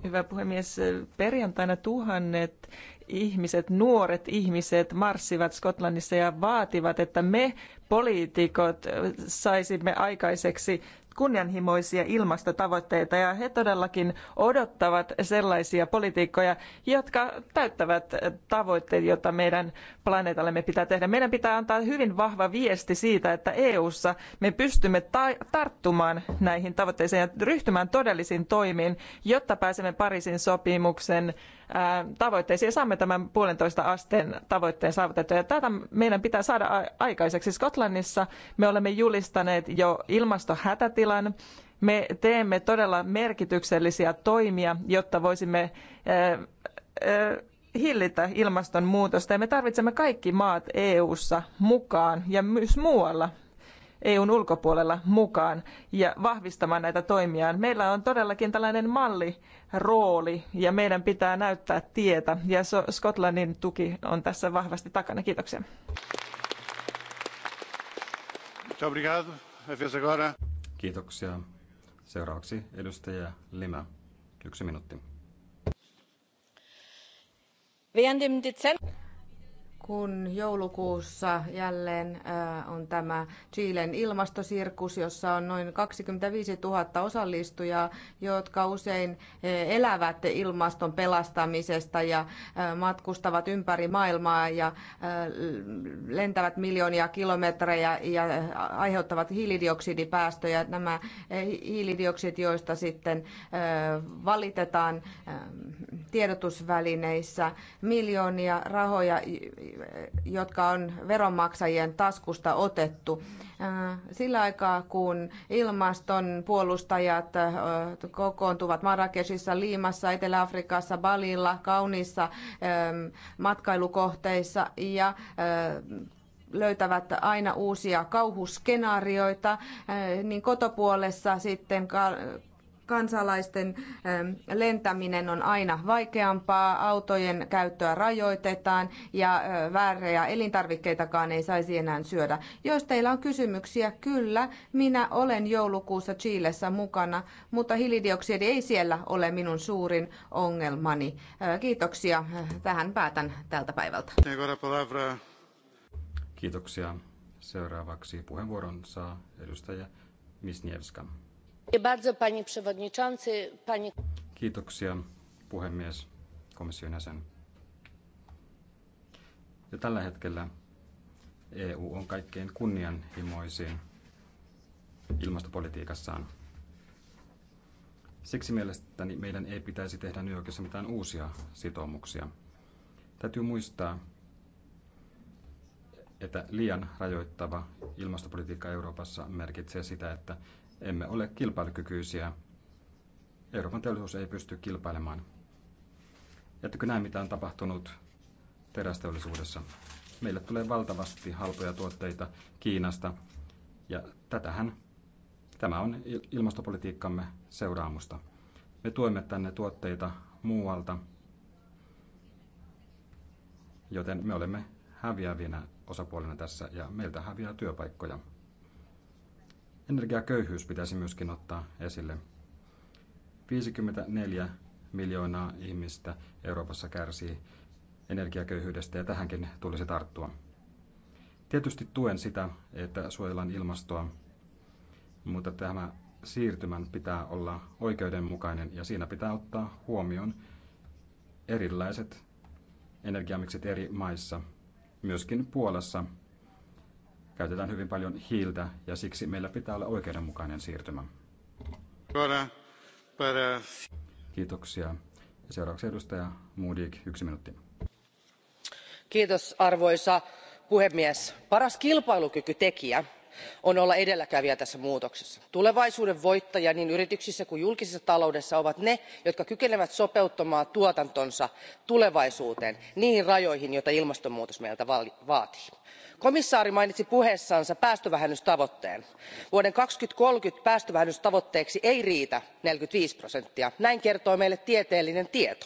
Speaker 4: Hyvä puhemies, perjantaina tuhannet ihmiset, nuoret ihmiset marssivat Skotlannissa ja vaativat, että me poliitikot saisimme aikaiseksi kunnianhimoisia ilmastotavoitteita ja he todellakin odottavat sellaisia politiikkoja, jotka täyttävät tavoitteet, joita meidän planeetallemme pitää tehdä. Meidän pitää antaa hyvin vahva viesti siitä, että EU:ssa me pystymme tarttumaan näihin tavoitteisiin ja ryhtymään todellisiin toimiin, jotta pääsemme Pariisin sopimuksen tavoitteisiin ja saamme tämän puolentoista asteen tavoitteen saavutettua. Ja tätä meidän pitää saada aikaiseksi. Skotlannissa me olemme julistaneet jo ilmastohätätilan. Me teemme todella merkityksellisiä toimia, jotta voisimme hillitä ilmastonmuutosta ja me tarvitsemme kaikki maat EU:ssa mukaan ja myös muualla EUn ulkopuolella mukaan ja vahvistamaan näitä toimiaan. Meillä on todellakin tällainen mallirooli ja meidän pitää näyttää tietä ja Skotlannin tuki on tässä vahvasti takana. Kiitoksia.
Speaker 2: Kiitoksia. Seuraavaksi edustaja Lima. Yksi minuutti
Speaker 3: kun joulukuussa jälleen äh, on tämä Chilen ilmastosirkus, jossa on noin 25 000 osallistujaa, jotka usein äh, elävät ilmaston pelastamisesta ja äh, matkustavat ympäri maailmaa ja lentävät miljoonia kilometrejä ja aiheuttavat hiilidioksidipäästöjä. Nämä hiilidioksidit, joista sitten valitetaan tiedotusvälineissä, miljoonia rahoja jotka on veronmaksajien taskusta otettu. Äh, sillä aikaa, kun ilmaston puolustajat äh, kokoontuvat Marrakeshissa, Liimassa, Etelä-Afrikassa, Balilla, kaunissa ähm, matkailukohteissa ja äh, löytävät aina uusia kauhuskenaarioita, niin kotopuolessa sitten kansalaisten ähm, lentäminen on aina vaikeampaa, autojen käyttöä rajoitetaan ja äh, väärejä elintarvikkeitakaan ei saisi enää syödä. Jos teillä on kysymyksiä, kyllä, minä olen joulukuussa Chiilessä mukana, mutta hiilidioksidi ei siellä ole minun suurin ongelmani. Äh, kiitoksia. Äh, tähän päätän tältä päivältä.
Speaker 2: Kiitoksia. Seuraavaksi puheenvuoron saa edustaja Kiitoksia, puhemies, komission jäsen. jo tällä hetkellä EU on kaikkein kunnianhimoisin ilmastopolitiikassaan. Siksi mielestäni meidän ei pitäisi tehdä New Yorkissa mitään uusia sitoumuksia. Täytyy muistaa, että liian rajoittava ilmastopolitiikka Euroopassa merkitsee sitä, että emme ole kilpailukykyisiä. Euroopan teollisuus ei pysty kilpailemaan. Ettekö näe, mitä on tapahtunut terästeollisuudessa? Meille tulee valtavasti halpoja tuotteita Kiinasta, ja tätähän tämä on ilmastopolitiikkamme seuraamusta. Me tuemme tänne tuotteita muualta, joten me olemme häviävinä osapuolena tässä ja meiltä häviää työpaikkoja. Energiaköyhyys pitäisi myöskin ottaa esille. 54 miljoonaa ihmistä Euroopassa kärsii energiaköyhyydestä ja tähänkin tulisi tarttua. Tietysti tuen sitä, että suojellaan ilmastoa, mutta tämä siirtymän pitää olla oikeudenmukainen ja siinä pitää ottaa huomioon erilaiset energiamikset eri maissa, myöskin Puolassa – käytetään hyvin paljon hiiltä ja siksi meillä pitää olla oikeudenmukainen siirtymä. Kiitoksia. Ja seuraavaksi edustaja Moodik, yksi minuutti.
Speaker 5: Kiitos arvoisa puhemies. Paras kilpailukykytekijä on olla edelläkävijä tässä muutoksessa. tulevaisuuden voittajia niin yrityksissä kuin julkisessa taloudessa ovat ne jotka kykenevät sopeuttamaan tuotantonsa tulevaisuuteen niihin rajoihin joita ilmastonmuutos meiltä vaatii. komissaari mainitsi puheessaan päästövähennystavoitteen. vuoden kaksituhatta kolmekymmentä päästövähennystavoitteeksi ei riitä neljäkymmentäviisi prosenttia näin kertoo meille tieteellinen tieto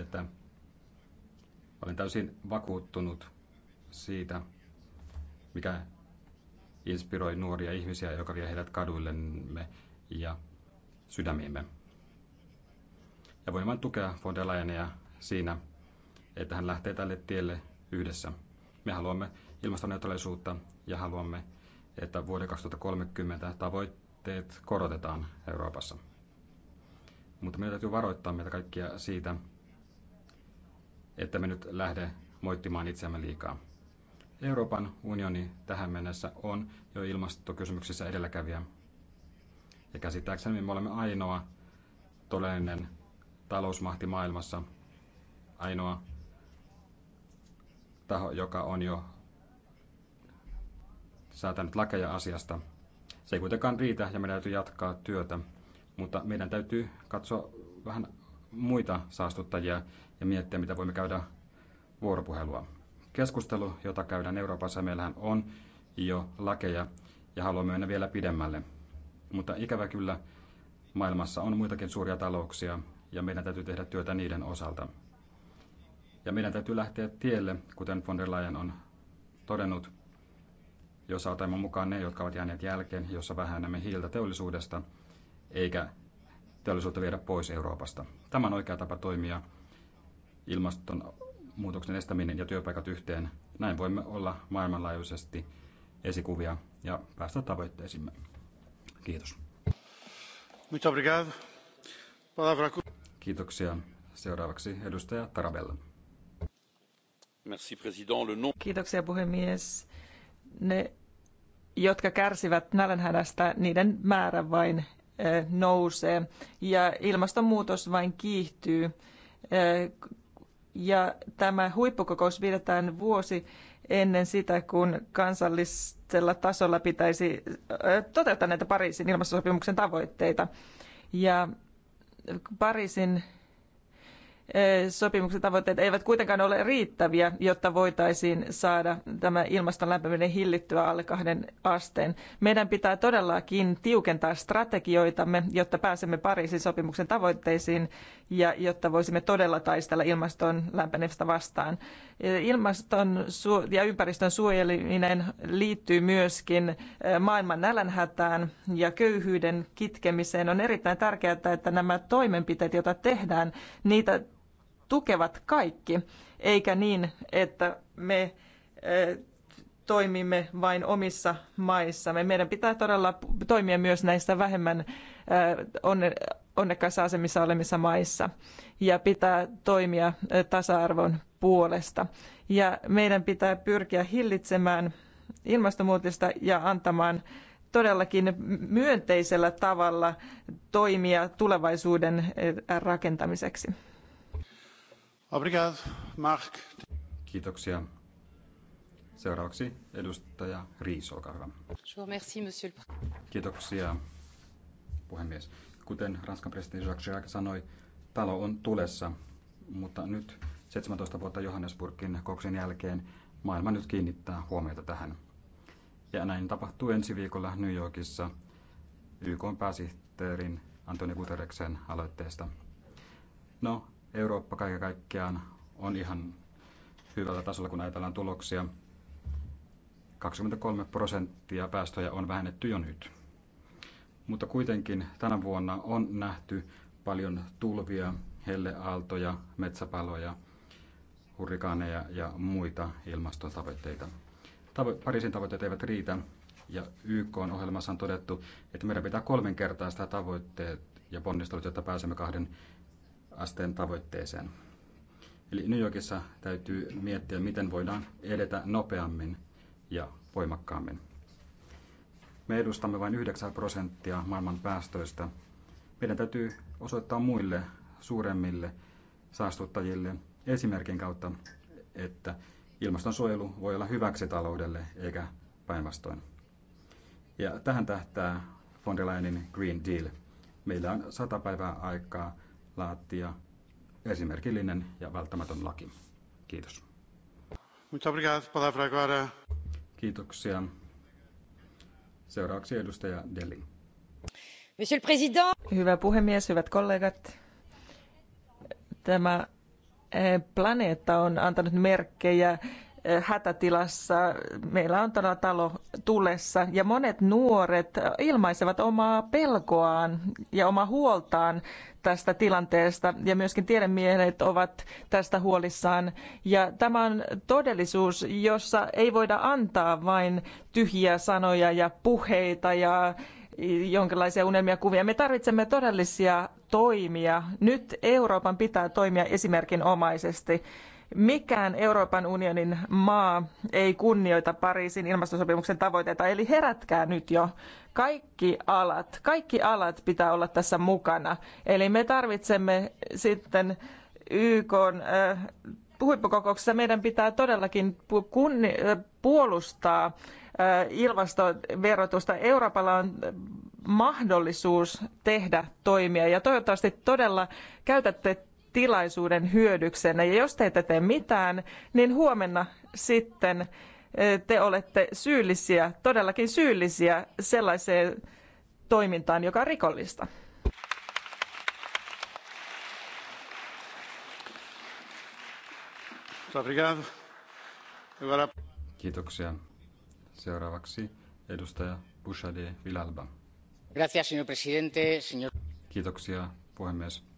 Speaker 2: että olen täysin vakuuttunut siitä, mikä inspiroi nuoria ihmisiä, joka vie heidät kaduillemme ja sydämiimme. Ja voin vain tukea von der Leyenia siinä, että hän lähtee tälle tielle yhdessä. Me haluamme ilmastoneutraalisuutta ja haluamme, että vuoden 2030 tavoitteet korotetaan Euroopassa. Mutta meidän täytyy varoittaa meitä kaikkia siitä, että me nyt lähde moittimaan itseämme liikaa. Euroopan unioni tähän mennessä on jo ilmastokysymyksissä edelläkävijä. Ja käsittääkseni me olemme ainoa todellinen talousmahti maailmassa, ainoa taho, joka on jo säätänyt lakeja asiasta. Se ei kuitenkaan riitä ja meidän täytyy jatkaa työtä, mutta meidän täytyy katsoa vähän muita saastuttajia, ja miettiä, mitä voimme käydä vuoropuhelua. Keskustelu, jota käydään Euroopassa, meillähän on jo lakeja ja haluamme mennä vielä pidemmälle. Mutta ikävä kyllä maailmassa on muitakin suuria talouksia ja meidän täytyy tehdä työtä niiden osalta. Ja meidän täytyy lähteä tielle, kuten von der Leyen on todennut, jossa otamme mukaan ne, jotka ovat jääneet jälkeen, jossa vähennämme hiiltä teollisuudesta, eikä teollisuutta viedä pois Euroopasta. Tämä on oikea tapa toimia, ilmastonmuutoksen estäminen ja työpaikat yhteen. Näin voimme olla maailmanlaajuisesti esikuvia ja päästä tavoitteisimme. Kiitos. Kiitoksia. Seuraavaksi edustaja Tarabella.
Speaker 4: Kiitoksia puhemies. Ne, jotka kärsivät nälänhädästä, niiden määrä vain eh, nousee ja ilmastonmuutos vain kiihtyy eh, ja tämä huippukokous pidetään vuosi ennen sitä, kun kansallisella tasolla pitäisi toteuttaa näitä Pariisin ilmastosopimuksen tavoitteita. Ja Pariisin sopimuksen tavoitteet eivät kuitenkaan ole riittäviä, jotta voitaisiin saada tämä ilmaston lämpeneminen hillittyä alle kahden asteen. Meidän pitää todellakin tiukentaa strategioitamme, jotta pääsemme Pariisin sopimuksen tavoitteisiin ja jotta voisimme todella taistella ilmaston lämpenemistä vastaan. Ilmaston ja ympäristön suojeleminen liittyy myöskin eh, maailman nälänhätään ja köyhyyden kitkemiseen. On erittäin tärkeää, että nämä toimenpiteet, joita tehdään, niitä tukevat kaikki, eikä niin, että me eh, toimimme vain omissa maissamme. Meidän pitää todella toimia myös näissä vähemmän onnekkaissa asemissa olemissa maissa ja pitää toimia tasa-arvon puolesta. Ja meidän pitää pyrkiä hillitsemään ilmastonmuutosta ja antamaan todellakin myönteisellä tavalla toimia tulevaisuuden rakentamiseksi.
Speaker 2: Obrigado, Mark. Kiitoksia. Seuraavaksi edustaja Riis, olkaa hyvä. Kiitoksia puhemies. Kuten Ranskan presidentti Jacques Chirac sanoi, talo on tulessa, mutta nyt 17 vuotta Johannesburgin kokouksen jälkeen maailma nyt kiinnittää huomiota tähän. Ja näin tapahtuu ensi viikolla New Yorkissa YK pääsihteerin Antoni Guterreksen aloitteesta. No, Eurooppa kaiken kaikkiaan on ihan hyvällä tasolla, kun ajatellaan tuloksia. 23 prosenttia päästöjä on vähennetty jo nyt. Mutta kuitenkin tänä vuonna on nähty paljon tulvia, helleaaltoja, metsäpaloja, hurrikaaneja ja muita ilmastotavoitteita. Tavo- Pariisin tavoitteet eivät riitä, ja YK on ohjelmassa on todettu, että meidän pitää kolminkertaistaa tavoitteet ja ponnistelut, jotta pääsemme kahden asteen tavoitteeseen. Eli New Yorkissa täytyy miettiä, miten voidaan edetä nopeammin ja voimakkaammin. Me edustamme vain 9 prosenttia maailman päästöistä. Meidän täytyy osoittaa muille suuremmille saastuttajille esimerkin kautta, että ilmastonsuojelu voi olla hyväksi taloudelle eikä päinvastoin. Ja tähän tähtää von der Leyenin Green Deal. Meillä on sata päivää aikaa laatia esimerkillinen ja välttämätön laki. Kiitos. Kiitoksia. Seuraavaksi edustaja Deli.
Speaker 3: Monsieur le Président.
Speaker 4: Hyvä puhemies, hyvät kollegat. Tämä eh, planeetta on antanut merkkejä hätätilassa. Meillä on tämä talo tulessa ja monet nuoret ilmaisevat omaa pelkoaan ja omaa huoltaan tästä tilanteesta ja myöskin tiedemiehet ovat tästä huolissaan. Ja tämä on todellisuus, jossa ei voida antaa vain tyhjiä sanoja ja puheita ja jonkinlaisia unelmia kuvia. Me tarvitsemme todellisia toimia. Nyt Euroopan pitää toimia esimerkinomaisesti. omaisesti Mikään Euroopan unionin maa ei kunnioita Pariisin ilmastosopimuksen tavoitteita, eli herätkää nyt jo. Kaikki alat, kaikki alat pitää olla tässä mukana. Eli me tarvitsemme sitten YK äh, huippukokouksessa meidän pitää todellakin kunni, äh, puolustaa äh, ilmastoverotusta. Euroopalla on mahdollisuus tehdä toimia ja toivottavasti todella käytätte tilaisuuden hyödyksenne. Ja jos te ette tee mitään, niin huomenna sitten eh, te olette syyllisiä, todellakin syyllisiä sellaiseen toimintaan, joka on rikollista.
Speaker 2: Kiitoksia. Seuraavaksi edustaja Bushadi Vilalba. Gracias, señor presidente, señor... Kiitoksia, puhemies.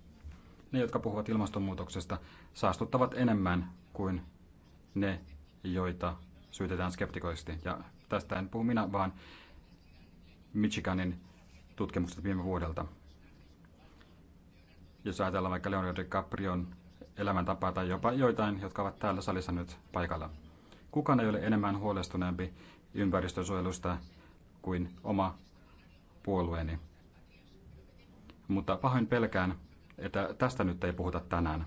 Speaker 2: Ne, jotka puhuvat ilmastonmuutoksesta, saastuttavat enemmän kuin ne, joita syytetään skeptikoisesti. Ja tästä en puhu minä, vaan Michiganin tutkimukset viime vuodelta. Jos ajatellaan vaikka Leonardo DiCaprion elämäntapaa tai jopa joitain, jotka ovat täällä salissa nyt paikalla. Kukaan ei ole enemmän huolestuneempi ympäristösuojelusta kuin oma puolueeni. Mutta pahoin pelkään, että tästä nyt ei puhuta tänään.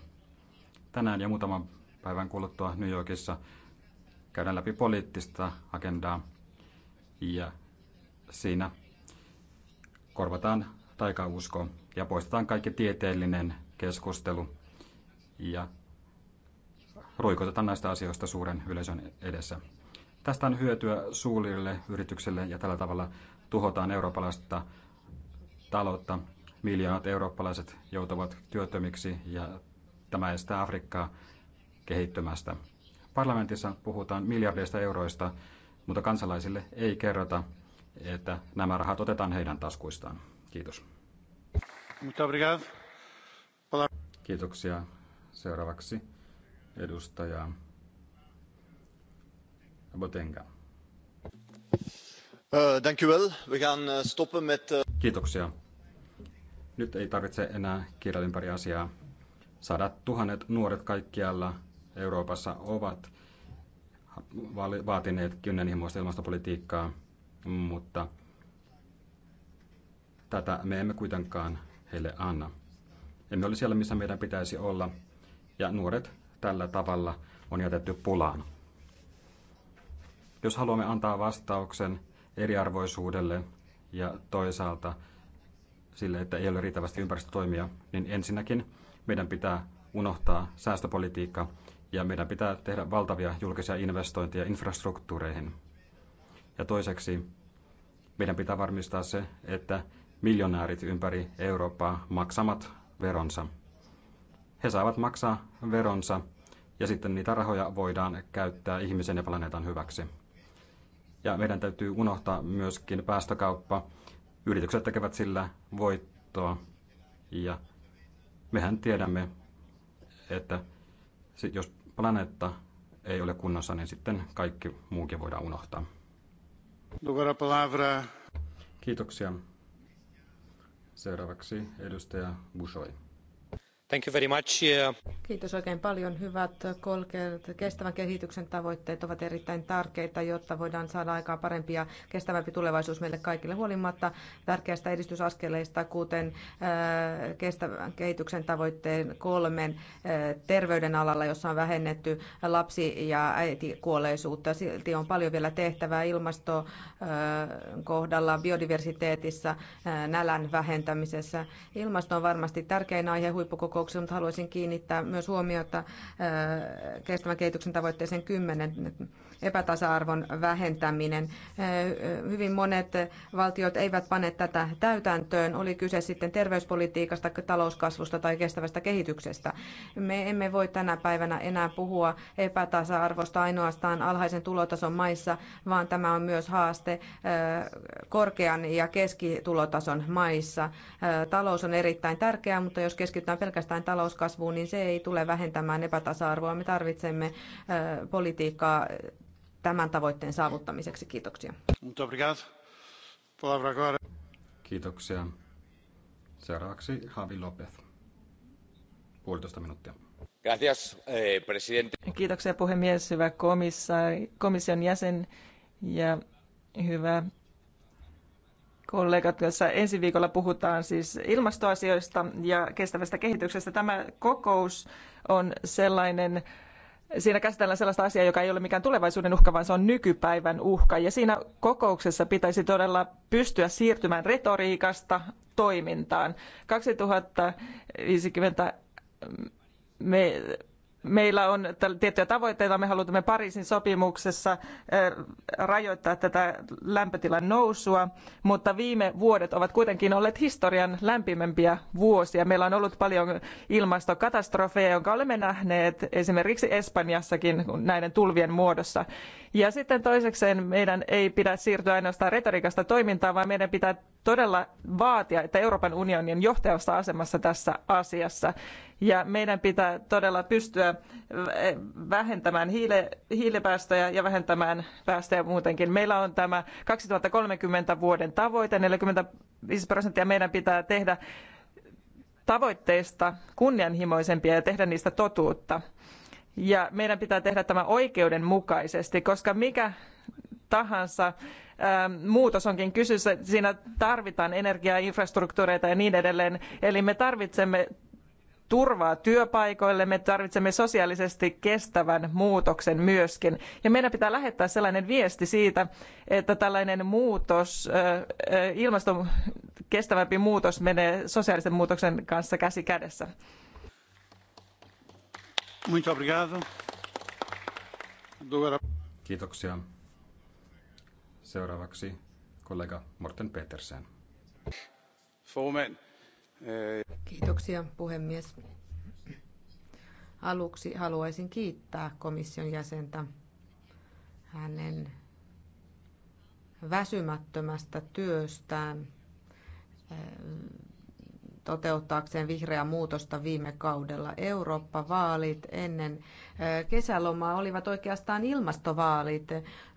Speaker 2: Tänään ja muutaman päivän kuluttua New Yorkissa käydään läpi poliittista agendaa ja siinä korvataan taikausko ja poistetaan kaikki tieteellinen keskustelu ja ruikotetaan näistä asioista suuren yleisön edessä. Tästä on hyötyä suurille yrityksille ja tällä tavalla tuhotaan eurooppalaista taloutta miljoonat eurooppalaiset joutuvat työttömiksi ja tämä estää Afrikkaa kehittymästä. Parlamentissa puhutaan miljardeista euroista, mutta kansalaisille ei kerrota, että nämä rahat otetaan heidän taskuistaan. Kiitos. Kiitoksia. Seuraavaksi edustaja Botenga.
Speaker 3: Eh, eh, eh,
Speaker 2: Kiitoksia. Nyt ei tarvitse enää kirjailla ympäri asiaa. Sadat tuhannet nuoret kaikkialla Euroopassa ovat vaatineet kunnianhimoista ilmastopolitiikkaa, mutta tätä me emme kuitenkaan heille anna. Emme ole siellä, missä meidän pitäisi olla, ja nuoret tällä tavalla on jätetty pulaan. Jos haluamme antaa vastauksen eriarvoisuudelle ja toisaalta – sille, että ei ole riittävästi ympäristötoimia, niin ensinnäkin meidän pitää unohtaa säästöpolitiikka ja meidän pitää tehdä valtavia julkisia investointeja infrastruktuureihin. Ja toiseksi meidän pitää varmistaa se, että miljonäärit ympäri Eurooppaa maksamat veronsa. He saavat maksaa veronsa ja sitten niitä rahoja voidaan käyttää ihmisen ja planeetan hyväksi. Ja meidän täytyy unohtaa myöskin päästökauppa Yritykset tekevät sillä voittoa ja mehän tiedämme, että jos planeetta ei ole kunnossa, niin sitten kaikki muukin voidaan unohtaa. Kiitoksia. Seuraavaksi edustaja Bushoi. Thank you very much.
Speaker 3: Kiitos oikein paljon. Hyvät kolkeat. Kestävän kehityksen tavoitteet ovat erittäin tärkeitä, jotta voidaan saada aikaa parempi ja kestävämpi tulevaisuus meille kaikille huolimatta tärkeästä edistysaskeleista, kuten äh, kestävän kehityksen tavoitteen kolmen äh, terveyden alalla, jossa on vähennetty lapsi- ja äitikuolleisuutta. Silti on paljon vielä tehtävää ilmasto äh, kohdalla, biodiversiteetissä, nälän vähentämisessä. Ilmasto on varmasti tärkein aihe huippukokouksessa kokouksessa, mutta haluaisin kiinnittää myös huomiota äh, kestävän kehityksen tavoitteeseen 10 epätasa-arvon vähentäminen. Hyvin monet valtiot eivät pane tätä täytäntöön, oli kyse sitten terveyspolitiikasta, talouskasvusta tai kestävästä kehityksestä. Me emme voi tänä päivänä enää puhua epätasa-arvosta ainoastaan alhaisen tulotason maissa, vaan tämä on myös haaste korkean ja keskitulotason maissa. Talous on erittäin tärkeää, mutta jos keskitytään pelkästään talouskasvuun, niin se ei tule vähentämään epätasa-arvoa. Me tarvitsemme politiikkaa tämän tavoitteen saavuttamiseksi. Kiitoksia.
Speaker 2: Kiitoksia. Seuraavaksi Javi Lopez. Puolitoista minuuttia. Gracias, eh, presidente.
Speaker 4: Kiitoksia puhemies, hyvä komissaari, komission jäsen ja hyvä kollegat, Tässä ensi viikolla puhutaan siis ilmastoasioista ja kestävästä kehityksestä. Tämä kokous on sellainen siinä käsitellään sellaista asiaa, joka ei ole mikään tulevaisuuden uhka, vaan se on nykypäivän uhka. Ja siinä kokouksessa pitäisi todella pystyä siirtymään retoriikasta toimintaan. 2050 me meillä on tiettyjä tavoitteita. Me haluamme Pariisin sopimuksessa eh, rajoittaa tätä lämpötilan nousua, mutta viime vuodet ovat kuitenkin olleet historian lämpimempiä vuosia. Meillä on ollut paljon ilmastokatastrofeja, jonka olemme nähneet esimerkiksi Espanjassakin näiden tulvien muodossa. Ja sitten toisekseen meidän ei pidä siirtyä ainoastaan retoriikasta toimintaan, vaan meidän pitää todella vaatia, että Euroopan unioni on johtajassa asemassa tässä asiassa. Ja meidän pitää todella pystyä äh, vähentämään hiile, hiilipäästöjä ja vähentämään päästöjä muutenkin. Meillä on tämä 2030 vuoden tavoite, 45 prosenttia meidän pitää tehdä tavoitteista kunnianhimoisempia ja tehdä niistä totuutta. Ja meidän pitää tehdä tämä oikeudenmukaisesti, koska mikä tahansa Ähm, muutos onkin kyseessä. Siinä tarvitaan energiaa, infrastruktuureita ja niin edelleen. Eli me tarvitsemme turvaa työpaikoille, me tarvitsemme sosiaalisesti kestävän muutoksen myöskin. Ja meidän pitää lähettää sellainen viesti siitä, että tällainen muutos, ilmaston kestävämpi muutos menee sosiaalisen muutoksen kanssa käsi kädessä.
Speaker 2: Kiitoksia. Seuraavaksi kollega Morten Petersen. Eh,
Speaker 3: Kiitoksia puhemies. Aluksi haluaisin kiittää komission jäsentä hänen väsymättömästä työstään toteuttaakseen vihreää muutosta viime kaudella. Eurooppa-vaalit ennen kesälomaa olivat oikeastaan ilmastovaalit.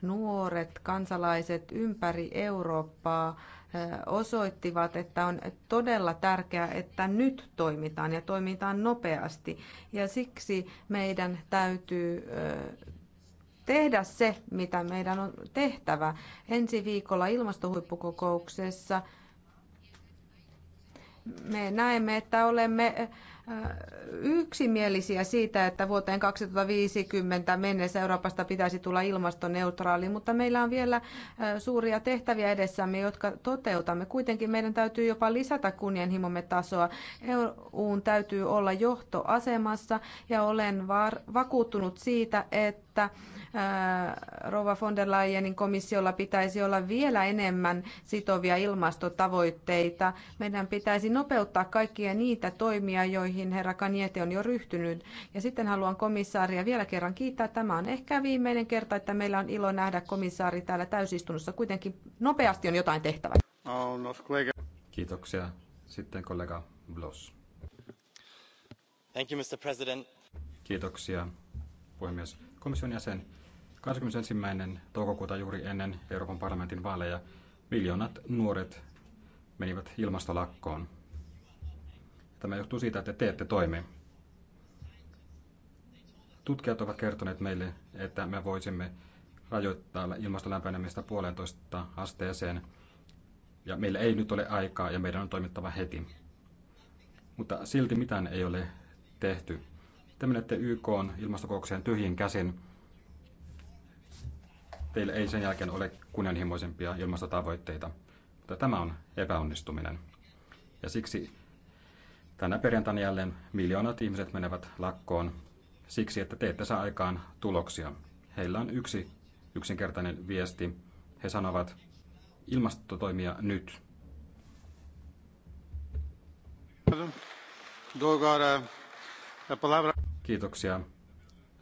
Speaker 3: Nuoret kansalaiset ympäri Eurooppaa osoittivat, että on todella tärkeää, että nyt toimitaan ja toimitaan nopeasti. Ja siksi meidän täytyy tehdä se, mitä meidän on tehtävä. Ensi viikolla ilmastohuippukokouksessa me näemme, että olemme äh, yksimielisiä siitä, että vuoteen 2050 mennessä Euroopasta pitäisi tulla ilmastoneutraali, mutta meillä on vielä äh, suuria tehtäviä edessämme, jotka toteutamme. Kuitenkin meidän täytyy jopa lisätä kunnianhimomme tasoa. EUn täytyy olla johtoasemassa ja olen vakuuttunut siitä, että että Rova von der Leyenin komissiolla pitäisi olla vielä enemmän sitovia ilmastotavoitteita. Meidän pitäisi nopeuttaa kaikkia niitä toimia, joihin herra Kaniete on jo ryhtynyt. Ja sitten haluan komissaaria vielä kerran kiittää. Tämä on ehkä viimeinen kerta, että meillä on ilo nähdä komissaari täällä täysistunnossa. Kuitenkin nopeasti on jotain tehtävä.
Speaker 2: Kiitoksia. Sitten kollega Bloss. Thank you, Mr. President. Kiitoksia, puhemies komission jäsen, 21. toukokuuta juuri ennen Euroopan parlamentin vaaleja miljoonat nuoret menivät ilmastolakkoon. Tämä johtuu siitä, että te ette toimi. Tutkijat ovat kertoneet meille, että me voisimme rajoittaa ilmaston lämpenemistä puolentoista asteeseen, ja meillä ei nyt ole aikaa ja meidän on toimittava heti. Mutta silti mitään ei ole tehty. Te menette YK ilmastokokoukseen tyhjin käsin. Teillä ei sen jälkeen ole kunnianhimoisempia ilmastotavoitteita, mutta tämä on epäonnistuminen. Ja siksi tänä perjantaina jälleen miljoonat ihmiset menevät lakkoon siksi, että te ette saa aikaan tuloksia. Heillä on yksi yksinkertainen viesti. He sanovat ilmastotoimia nyt. Då Kiitoksia.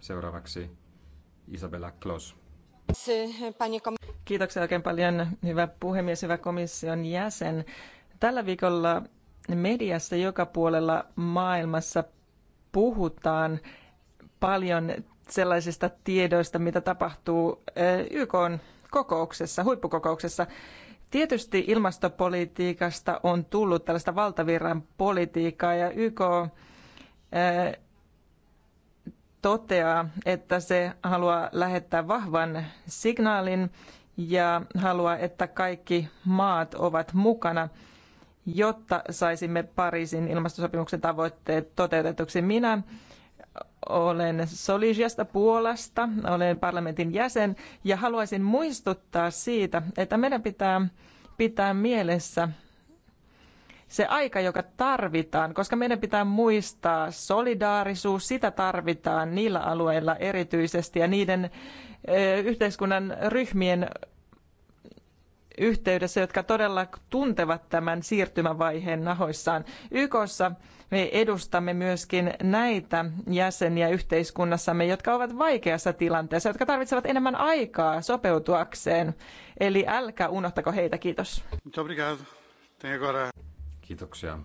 Speaker 2: Seuraavaksi Isabella Klos.
Speaker 4: Kiitoksia oikein paljon, hyvä puhemies, hyvä komission jäsen. Tällä viikolla mediassa joka puolella maailmassa puhutaan paljon sellaisista tiedoista, mitä tapahtuu YK kokouksessa, huippukokouksessa. Tietysti ilmastopolitiikasta on tullut tällaista valtavirran politiikkaa ja YK toteaa, että se haluaa lähettää vahvan signaalin ja haluaa, että kaikki maat ovat mukana, jotta saisimme Pariisin ilmastosopimuksen tavoitteet toteutetuksi. Minä olen Solisiasta Puolasta, olen parlamentin jäsen ja haluaisin muistuttaa siitä, että meidän pitää pitää mielessä se aika, joka tarvitaan, koska meidän pitää muistaa solidaarisuus, sitä tarvitaan niillä alueilla erityisesti ja niiden eh, yhteiskunnan ryhmien yhteydessä, jotka todella tuntevat tämän siirtymävaiheen nahoissaan. YKssa me edustamme myöskin näitä jäseniä yhteiskunnassamme, jotka ovat vaikeassa tilanteessa, jotka tarvitsevat enemmän aikaa sopeutuakseen. Eli älkää unohtako heitä. Kiitos.
Speaker 2: Kiitoksia.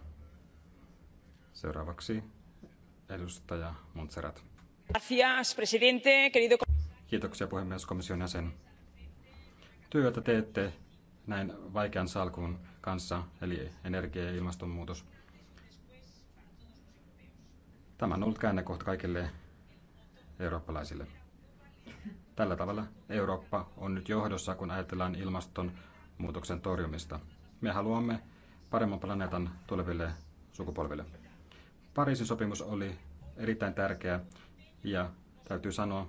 Speaker 2: Seuraavaksi edustaja Montserrat.
Speaker 3: Gracias, presidente, querido...
Speaker 2: Kiitoksia puhemies komission jäsen. Työtä teette näin vaikean salkun kanssa, eli energia- ja ilmastonmuutos. Tämä on ollut käännekohta kaikille eurooppalaisille. Tällä tavalla Eurooppa on nyt johdossa, kun ajatellaan ilmastonmuutoksen torjumista. Me haluamme paremman planeetan tuleville sukupolville. Pariisin sopimus oli erittäin tärkeä ja täytyy sanoa,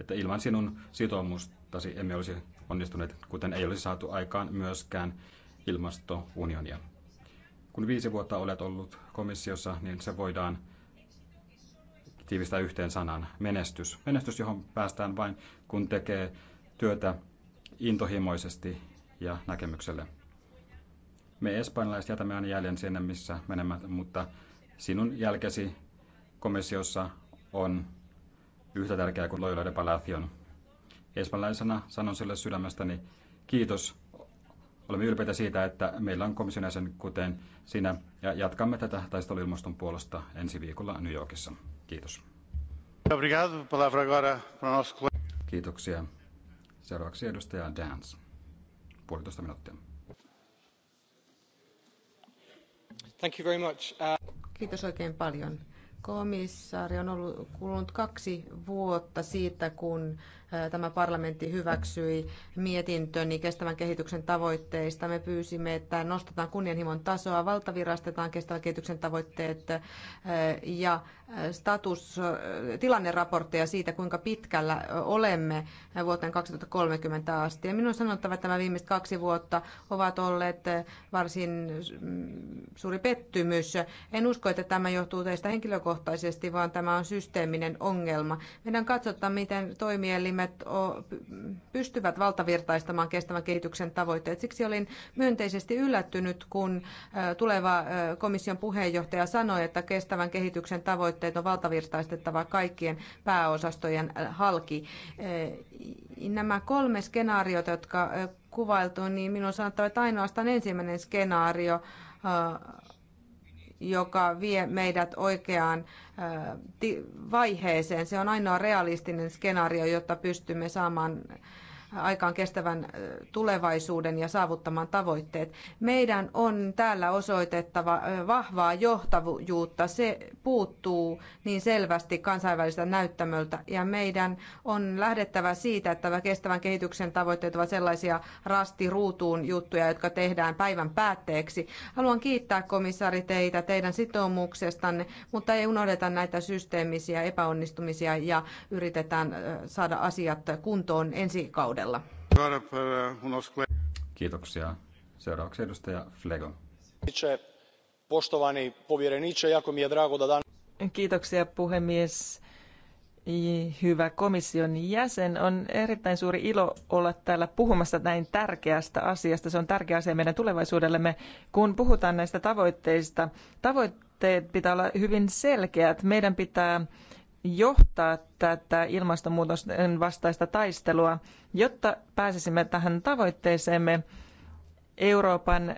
Speaker 2: että ilman sinun sitoumustasi emme olisi onnistuneet, kuten ei olisi saatu aikaan myöskään ilmastounionia. Kun viisi vuotta olet ollut komissiossa, niin se voidaan tiivistää yhteen sanaan menestys. Menestys, johon päästään vain kun tekee työtä intohimoisesti ja näkemykselle. Me espanjalaiset jätämme aina jäljen sinne, missä menemme, mutta sinun jälkesi komissiossa on yhtä tärkeää kuin Loyola de Palacion. Espanjalaisena sanon sille sydämestäni kiitos. Olemme ylpeitä siitä, että meillä on komission jäsen kuten sinä ja jatkamme tätä taisteluilmaston puolesta ensi viikolla New Yorkissa. Kiitos. Kiitoksia. Seuraavaksi edustaja Dance. Puolitoista minuuttia.
Speaker 3: Uh, Kiitos oikein paljon. Komissaari on ollut kulunut kaksi vuotta siitä, kun tämä parlamentti hyväksyi mietintöni kestävän kehityksen tavoitteista. Me pyysimme, että nostetaan kunnianhimon tasoa, valtavirastetaan kestävän kehityksen tavoitteet ja status, tilanneraportteja siitä, kuinka pitkällä olemme vuoteen 2030 asti. Ja minun on sanottava, että nämä viimeiset kaksi vuotta ovat olleet varsin mm, suuri pettymys. En usko, että tämä johtuu teistä henkilökohtaisesti, vaan tämä on systeeminen ongelma. Meidän katsotaan, miten toimielimme toimet pystyvät valtavirtaistamaan kestävän kehityksen tavoitteet. Siksi olin myönteisesti yllättynyt, kun tuleva komission puheenjohtaja sanoi, että kestävän kehityksen tavoitteet on valtavirtaistettava kaikkien pääosastojen halki. Nämä kolme skenaariota, jotka kuvailtu, niin minun on sanottava, että ainoastaan ensimmäinen skenaario joka vie meidät oikeaan äh, vaiheeseen. Se on ainoa realistinen skenaario, jotta pystymme saamaan aikaan kestävän tulevaisuuden ja saavuttamaan tavoitteet. Meidän on täällä osoitettava vahvaa johtavuutta. Se puuttuu niin selvästi kansainvälistä näyttämöltä ja meidän on lähdettävä siitä, että kestävän kehityksen tavoitteet ovat sellaisia rasti juttuja, jotka tehdään päivän päätteeksi. Haluan kiittää komissaari teitä teidän sitoumuksestanne, mutta ei unohdeta näitä systeemisiä epäonnistumisia ja yritetään saada asiat kuntoon ensi kaudella
Speaker 2: kuunnella. Kiitoksia. Seuraavaksi edustaja Flego.
Speaker 3: Kiitoksia
Speaker 4: puhemies. Hyvä komission jäsen, on erittäin suuri ilo olla täällä puhumassa näin tärkeästä asiasta. Se on tärkeä asia meidän tulevaisuudellemme, kun puhutaan näistä tavoitteista. Tavoitteet pitää olla hyvin selkeät. Meidän pitää johtaa tätä ilmastonmuutoksen vastaista taistelua, jotta pääsisimme tähän tavoitteeseemme. Euroopan